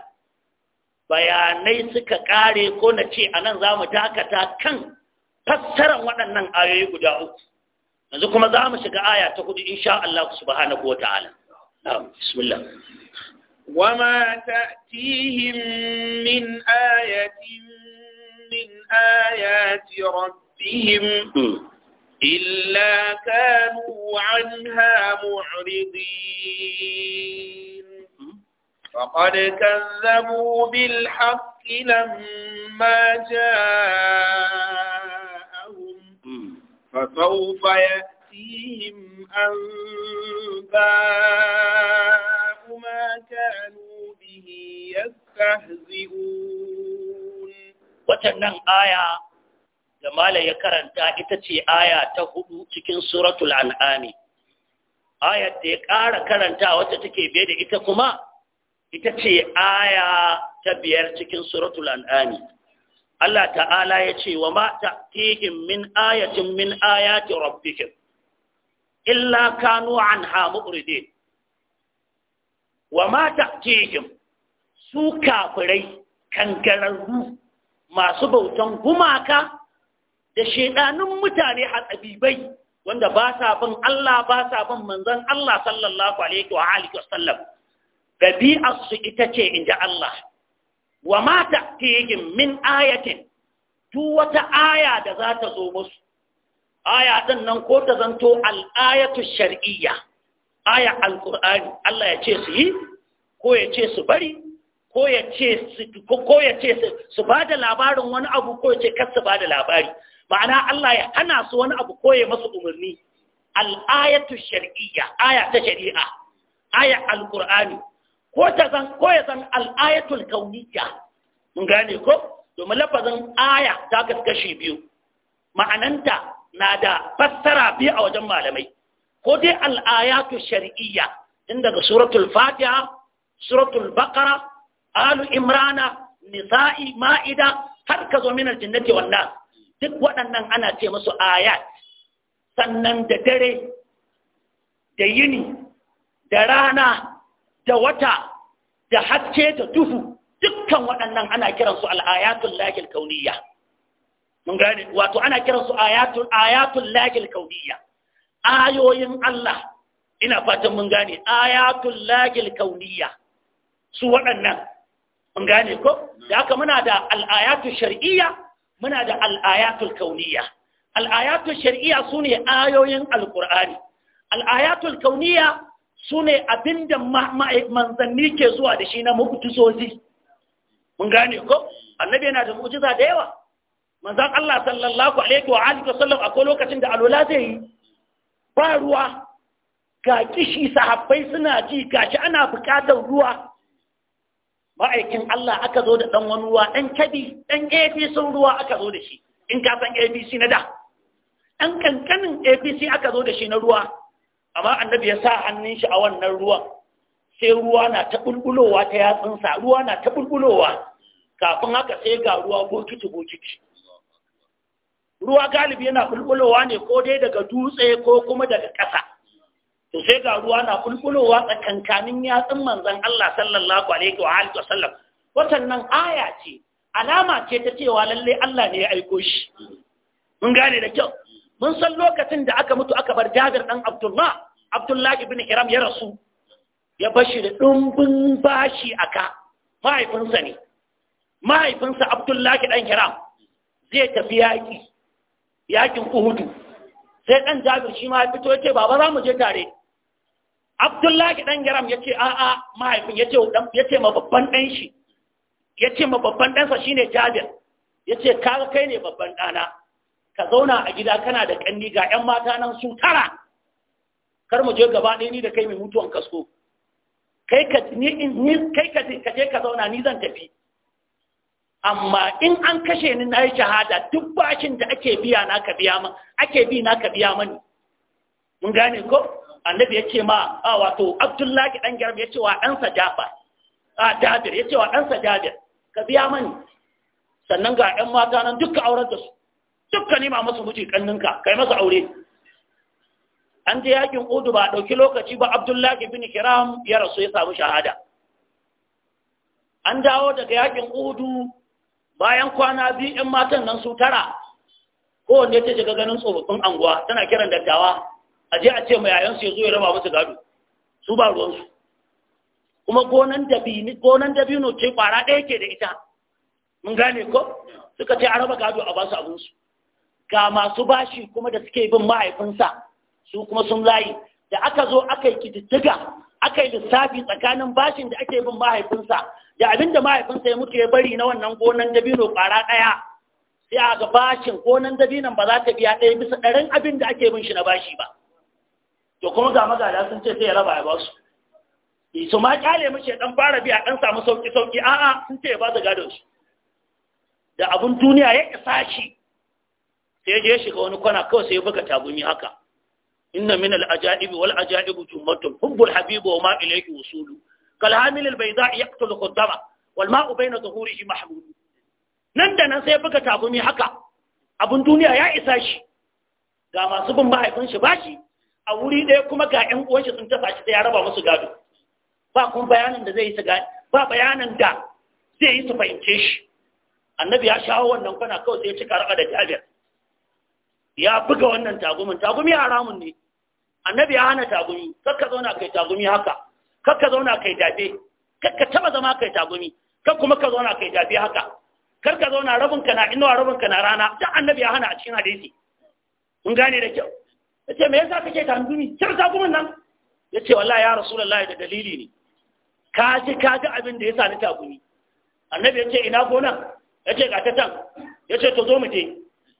bayanai suka kare ko na ce anan mu dakata kan fassarar waɗannan ayoyi guda uku yanzu kuma za mu shiga aya ta hudu insha Allah subhanahu wa ta'ala bismillah وما تأتيهم من آية من آيات ربهم إلا كانوا عنها معرضين فقد كذبوا بالحق لما جاءهم فسوف يأتيهم أنباء ما كانوا به يستهزئون وتنن آية لما لا يكرن تأتي آية تهدو تكين سورة الأنعام آية تكار كرن تأتي تكي بيد إتكما إتتي آية تبير تكين سورة الأنعام الله تعالى يتي وما تأتيهم من آية من آيات ربكم إلا كانوا عنها مؤردين wa ma ta'tihim su kafirai kankararru masu bautan gumaka da shedanun mutane a tsabibai wanda ba sa bin Allah ba sa bin manzon Allah sallallahu alaihi wa alihi sallam dabi'ar su ita ce inda Allah wa ma min ayatin duk wata aya da za ta zo musu aya din nan ko ta zanto al-ayatu shar'iyya aya alkur'ani Allah ya ce su yi ko ya ce su bari ko ya ce su ba da labarin wani abu ko ya ce kar su ba da labari ma'ana Allah ya hana su wani abu ko ya masu umarni al'ayatu shar'iyya aya ta shari'a aya alkur'ani ko ta zan ko ya zan al'ayatul kauniyya mun gane ko domin lafazin aya ta kaskashi biyu ma'ananta na da fassara biyu a wajen malamai ko dai al'ayatu shari'iyya, tun daga suratul fatiha suratul baqara alu imrana nisa'i ma'ida har ka zo minar jinnati wannan duk waɗannan ana ce musu ayat sannan da dare da yini da rana da wata da haske da duhu dukkan waɗannan ana kiransu al'ayatun lakil kauniya mun gane wato ana kiransu ayatun ayatun lakil kauniya ayoyin Allah ina fatan mun gane ayatul lagil kauniya su waɗannan mun gane ko da haka muna da al'ayatul shar'iyya muna da al'ayatul kauniya al'ayatul shar'iyya sune ayoyin alqur'ani al'ayatul kauniya sune abinda manzanni ke zuwa da shi na mu'jizozi mun gane ko annabi yana da mu'jiza da yawa manzan Allah sallallahu alaihi wa alihi wasallam akwai lokacin da alola zai yi ba ruwa ga kishi sahabbai suna ji gashi ana buƙatar ruwa ma'aikin Allah aka zo da ɗan wani ruwa ɗan kabi ɗan abc ruwa aka zo da shi in ka san abc na da ɗan kankanin abc aka zo da shi na ruwa amma annabi ya sa hannun shi a wannan ruwan sai ruwa na ta bulbulowa ta yatsunsa ruwa na ta bulbulowa kafin haka sai ga ruwa bokiti bokiti ruwa galibi yana kulkulowa ne ko dai daga dutse ko kuma daga ƙasa to sai ga ruwa na kulkulowa tsakankanin yatsun manzon Allah sallallahu alaihi wa alihi wasallam watannan aya ce alama ce ta cewa lalle Allah ne ya aiko shi mun gane da kyau mun san lokacin da aka mutu aka bar Jabir dan Abdullah Abdullah ibn Hiram ya rasu ya bashi da dumbin bashi aka mahaifinsa ne mahaifinsa Abdullah dan Hiram zai tafi yaƙi yakin uhudu sai ɗan jabir shi ma ya fito yace baba za mu je tare abdullahi ɗan garam ya ce a'a mahaifin ya ce ma babban dan shi yace ma babban ɗansa sa ne jabir ya ce kaga kai ne babban ɗana ka zauna a gida kana da ƙanni ga 'yan mata nan su tara kar mu je gaba ɗaya ni da kai mai mutuwan kasko kai ka je ka zauna ni zan tafi amma in an kashe ni na yi shahada duk bashin da ake biya na ka biya man ake bi na ka biya mani mun gane ko annabi ya ce ma a wato abdullahi dan garba ya ce wa ɗansa jafa a jabir ya ce wa ɗansa jabir ka biya mani sannan ga ɗan mata nan dukkan auren da su dukkan nema masa miji kanninka kai masa aure an je yakin udu ba ɗauki lokaci ba abdullahi bin kiram ya rasu ya samu shahada an dawo daga yakin udu bayan kwana biyu ‘yan matan nan su tara kowanne ta shiga ganin tsofaffin anguwa tana kiran dattawa a je a ce mai yayansu ya zo ya raba musu gado su ba ruwansu kuma gonan dabino ce kwara ɗaya ke da ita mun gane ko suka ce a raba gado a basu abinsu ga masu bashi kuma da suke bin mahaifinsa su kuma sun layi da aka zo aka yi kididdiga aka yi lissafi tsakanin bashin da ake bin mahaifinsa da abinda mahaifinsa ya mutu ya bari na wannan gonan dabino ƙwara ɗaya sai a ga bashin gonan dabinon ba za ta biya ɗaya bisa ɗarin abin da ake bin shi na bashi ba to kuma ga magada sun ce sai ya raba ya ba su su eh, ma kyale mace ɗan fara biya dan samu sauƙi sauki a'a sun ce ya ba su gadon shi. da abun duniya ya isa shi sai je shiga wani kwana kawai sai ya buga tagumi haka inna min al ajaibi wal ajaibu jummatun hubbul habibi wa ma ilayhi usulu kalhamil albayda yaqtul qaddama wal ma'u bayna zuhurihi mahmud nan da nan sai buga tagumi haka abun duniya ya isa shi ga masu bin mahaifin shi bashi a wuri ɗaya kuma ga ƴan uwan shi sun tafa shi sai ya raba musu gado ba kuma bayanin da zai yi su ba bayanin da zai yi su fahimce shi annabi ya shawo wannan kwana kawai sai ya cika raka da jabir ya buga wannan tagumin tagumi haramun ne annabi ya hana tagumi kakka zauna kai tagumi haka kar ka zauna kai dabe kar taba zama kai tagumi kar kuma ka zauna kai dabe haka kar ka zauna rabin ka na inuwa rabin ka na rana da annabi ya hana a cikin hadisi mun gane da kyau yace me yasa kake tagumi kar tagumin nan yace wallahi ya rasulullahi da dalili ne ka ji ka ji abin da yasa ni tagumi annabi yace ina gonan yace ga ta tan yace to zo mu je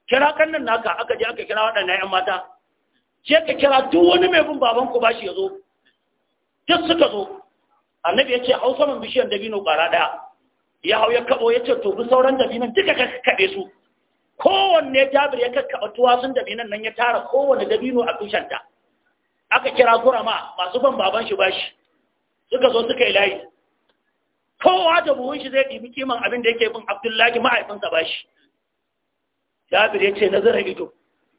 kira kannan naka aka je aka kira waɗannan 'yan mata je ka kira duk wani mai bin baban ku bashi ya zo duk suka zo annabi ya ce hau saman bishiyar dabino ƙara ɗaya ya hau ya kaɓo ya ce to bi sauran dabinan duka ka kaɓe su kowanne jabir ya kakkaɓa tuwasun dabinan nan ya tara kowanne dabino a tushenta aka kira kurama masu ban baban shi bashi suka zo suka yi layi kowa da buhun shi zai ɗibi kiman abin da yake bin abdullahi ma'aifinsa bashi jabir ya ce na zira ido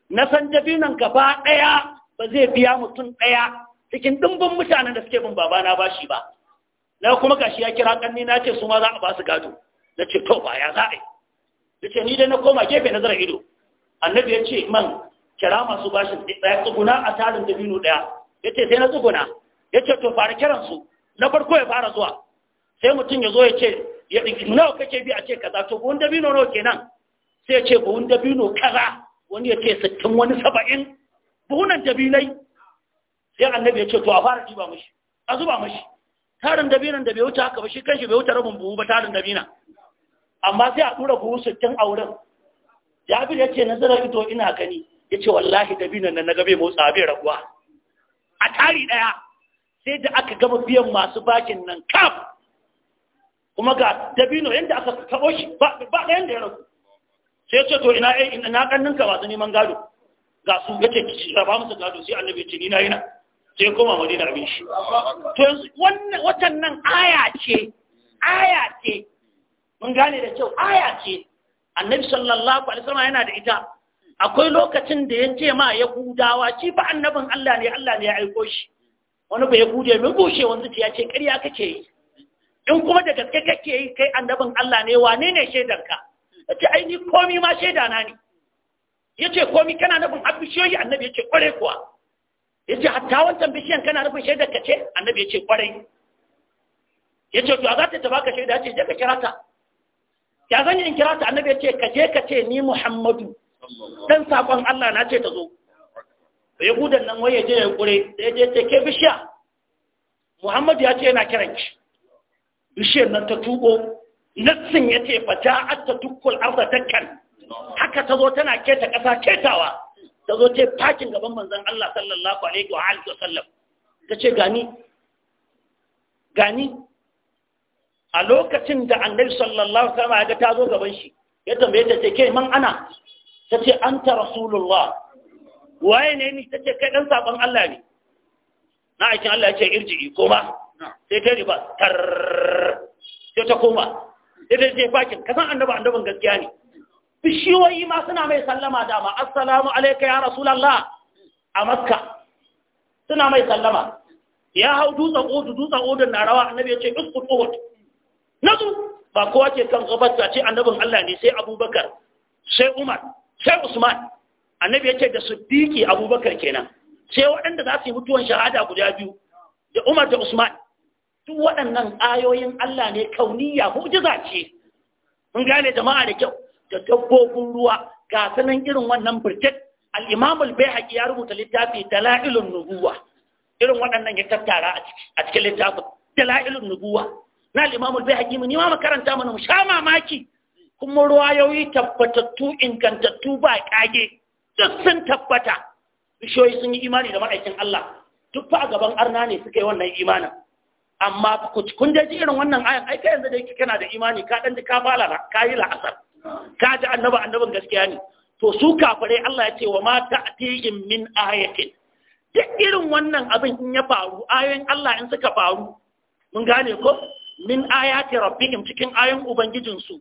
na san dabinan gaba ɗaya ba zai biya mutum ɗaya cikin dimbin mutanen da suke bin babana ba shi ba na kuma gashi ya kira kanni na ce su ma za a ba su gado na ce to ba ya za a yi da ce ni dai na koma gefe na zara ido annabi ya ce man kira masu bashin ɗaya tsuguna a tarin dabino ɗaya ya ce sai na tsuguna ya ce to fara kiransu na farko ya fara zuwa sai mutum ya zo ya ce ya ɗinki nawa kake bi a ce kaza to buhun dabino nawa kenan sai ya ce buhun dabino kaza wani ya ce sittin wani saba'in buhunan dabinai sai annabi ya ce to a fara diba mashi a zuba mashi tarin dabinan da bai wuce haka ba shi kanshi bai wuce rabin buhu ba tarin dabina amma sai a dura buhu sittin a wurin jabir ya ce nazarar ito ina gani ya ce wallahi dabinan nan na gabe motsa bai raguwa a tari ɗaya sai da aka gama biyan masu bakin nan kaf kuma ga dabino yadda aka tabo shi ba ɗayan yanda ya ragu sai ce to ina ina ƙanninka masu neman gado ga su ya ce raba musu gado sai annabi ya ce ni na yi na sai koma madina abin shi to watan nan aya ce aya ce mun gane da kyau aya ce annabi sallallahu alaihi wasallam yana da ita akwai lokacin da ya ce ma ya gudawa shi ba annabin Allah ne Allah ne ya aiko shi wani ba ya gude mai bushe wanda ya ce ƙarya kake yi in kuma da gaske kake yi kai annabin Allah ne wane ne shaidarka ya ce ai ni komi ma shaidana ne ya ce komi kana nufin abishiyoyi annabi ya ce kware kuwa yace hatta wancan bishiyan kana nufin shaidar ka ce annabi yace kwarai yace to a za ta ta baka shaida yace je ka kira ta ya zan yi in kira ta annabi yace ka je ka ce ni Muhammadu dan sakon Allah na ce ta zo yahudan nan waye je ya kure sai je ce ke bishiya Muhammadu ya ce yana kiran ki bishiyar nan ta tubo nassin ya ce fa ja'at ta tukkul arda dakkan haka ta zo tana keta ƙasa ketawa ta zo ta fakin gaban manzon Allah sallallahu alaihi wa alihi wa sallam ta ce gani gani a lokacin da annabi sallallahu alaihi wa sallam ta zo gaban shi ya tambaye ta ce ke man ana ta ce anta rasulullah waye ne ni ta ce kai dan sabon Allah ne na aikin Allah ya ce irji'i koma sai ta riba tar sai ta koma sai ta ce fakin kasan annaba annaban gaskiya ne bishiyoyi ma suna mai sallama dama assalamu alaika ya rasulallah a makka suna mai sallama ya hau dutsen odu dutsen odun na rawa annabi ya ce iskut uhud su ba kowa ke kan gabarta ce annabin Allah ne sai abubakar sai umar sai usman annabi ya ce da siddiqi abubakar kenan sai waɗanda za su yi mutuwan shahada guda biyu da umar da usman duk waɗannan ayoyin Allah ne kauniya mu'jiza ce mun gane jama'a da kyau da dabbobin ruwa ga sanan irin wannan birket al-imam al-baihaqi ya rubuta littafi dalailun nubuwa irin waɗannan ya tattara a ciki a cikin littafin dalailun nubuwa na al-imam al-baihaqi mun ma makaranta mana mu sha mamaki kuma ruwayoyi tabbatattu ingantattu ba kage duk sun tabbata bishoyi sun yi imani da ma'aikin Allah duk fa a gaban arna ne suka yi wannan imanin amma kun da ji irin wannan ayan ai kai yanzu da kana da imani ka dan ji ka fala ka yi la'asar ka ji annaba annaban gaskiya ne to su kafirai Allah ya ce wa ma ta'tihim min ayatin duk irin wannan abin in ya faru ayoyin Allah in suka faru mun gane ko min ayati rabbihim cikin ayoyin ubangijin su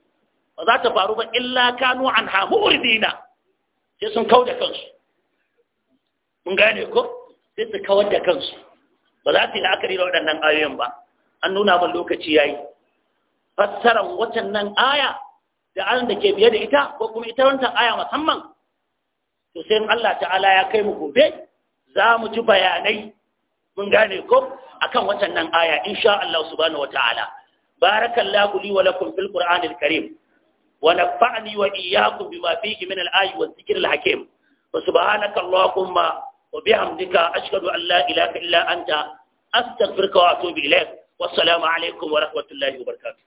ba za ta faru ba illa kanu anha muridina sai sun da kansu mun gane ko sai su kawar da kansu ba za su yi la'akari da waɗannan ayoyin ba an nuna min lokaci yayi Fassara watan nan aya da an da ke biye da ita ko kuma ita wancan aya musamman to sai Allah ta'ala ya kai mu gobe za mu ji bayanai mun gane ko akan wancan nan aya insha Allah subhanahu wataala barakallahu li wa lakum fil qur'anil karim wa nafa'ni wa iyyakum bima fihi min al-ayati wa dhikril hakim wa subhanaka allahumma wa bihamdika ashhadu an la ilaha illa anta astaghfiruka wa atubu alaikum wa rahmatullahi wa barakatuh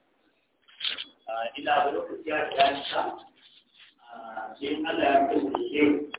ina da lokaci ya da nisa ah, Allah ya kai mu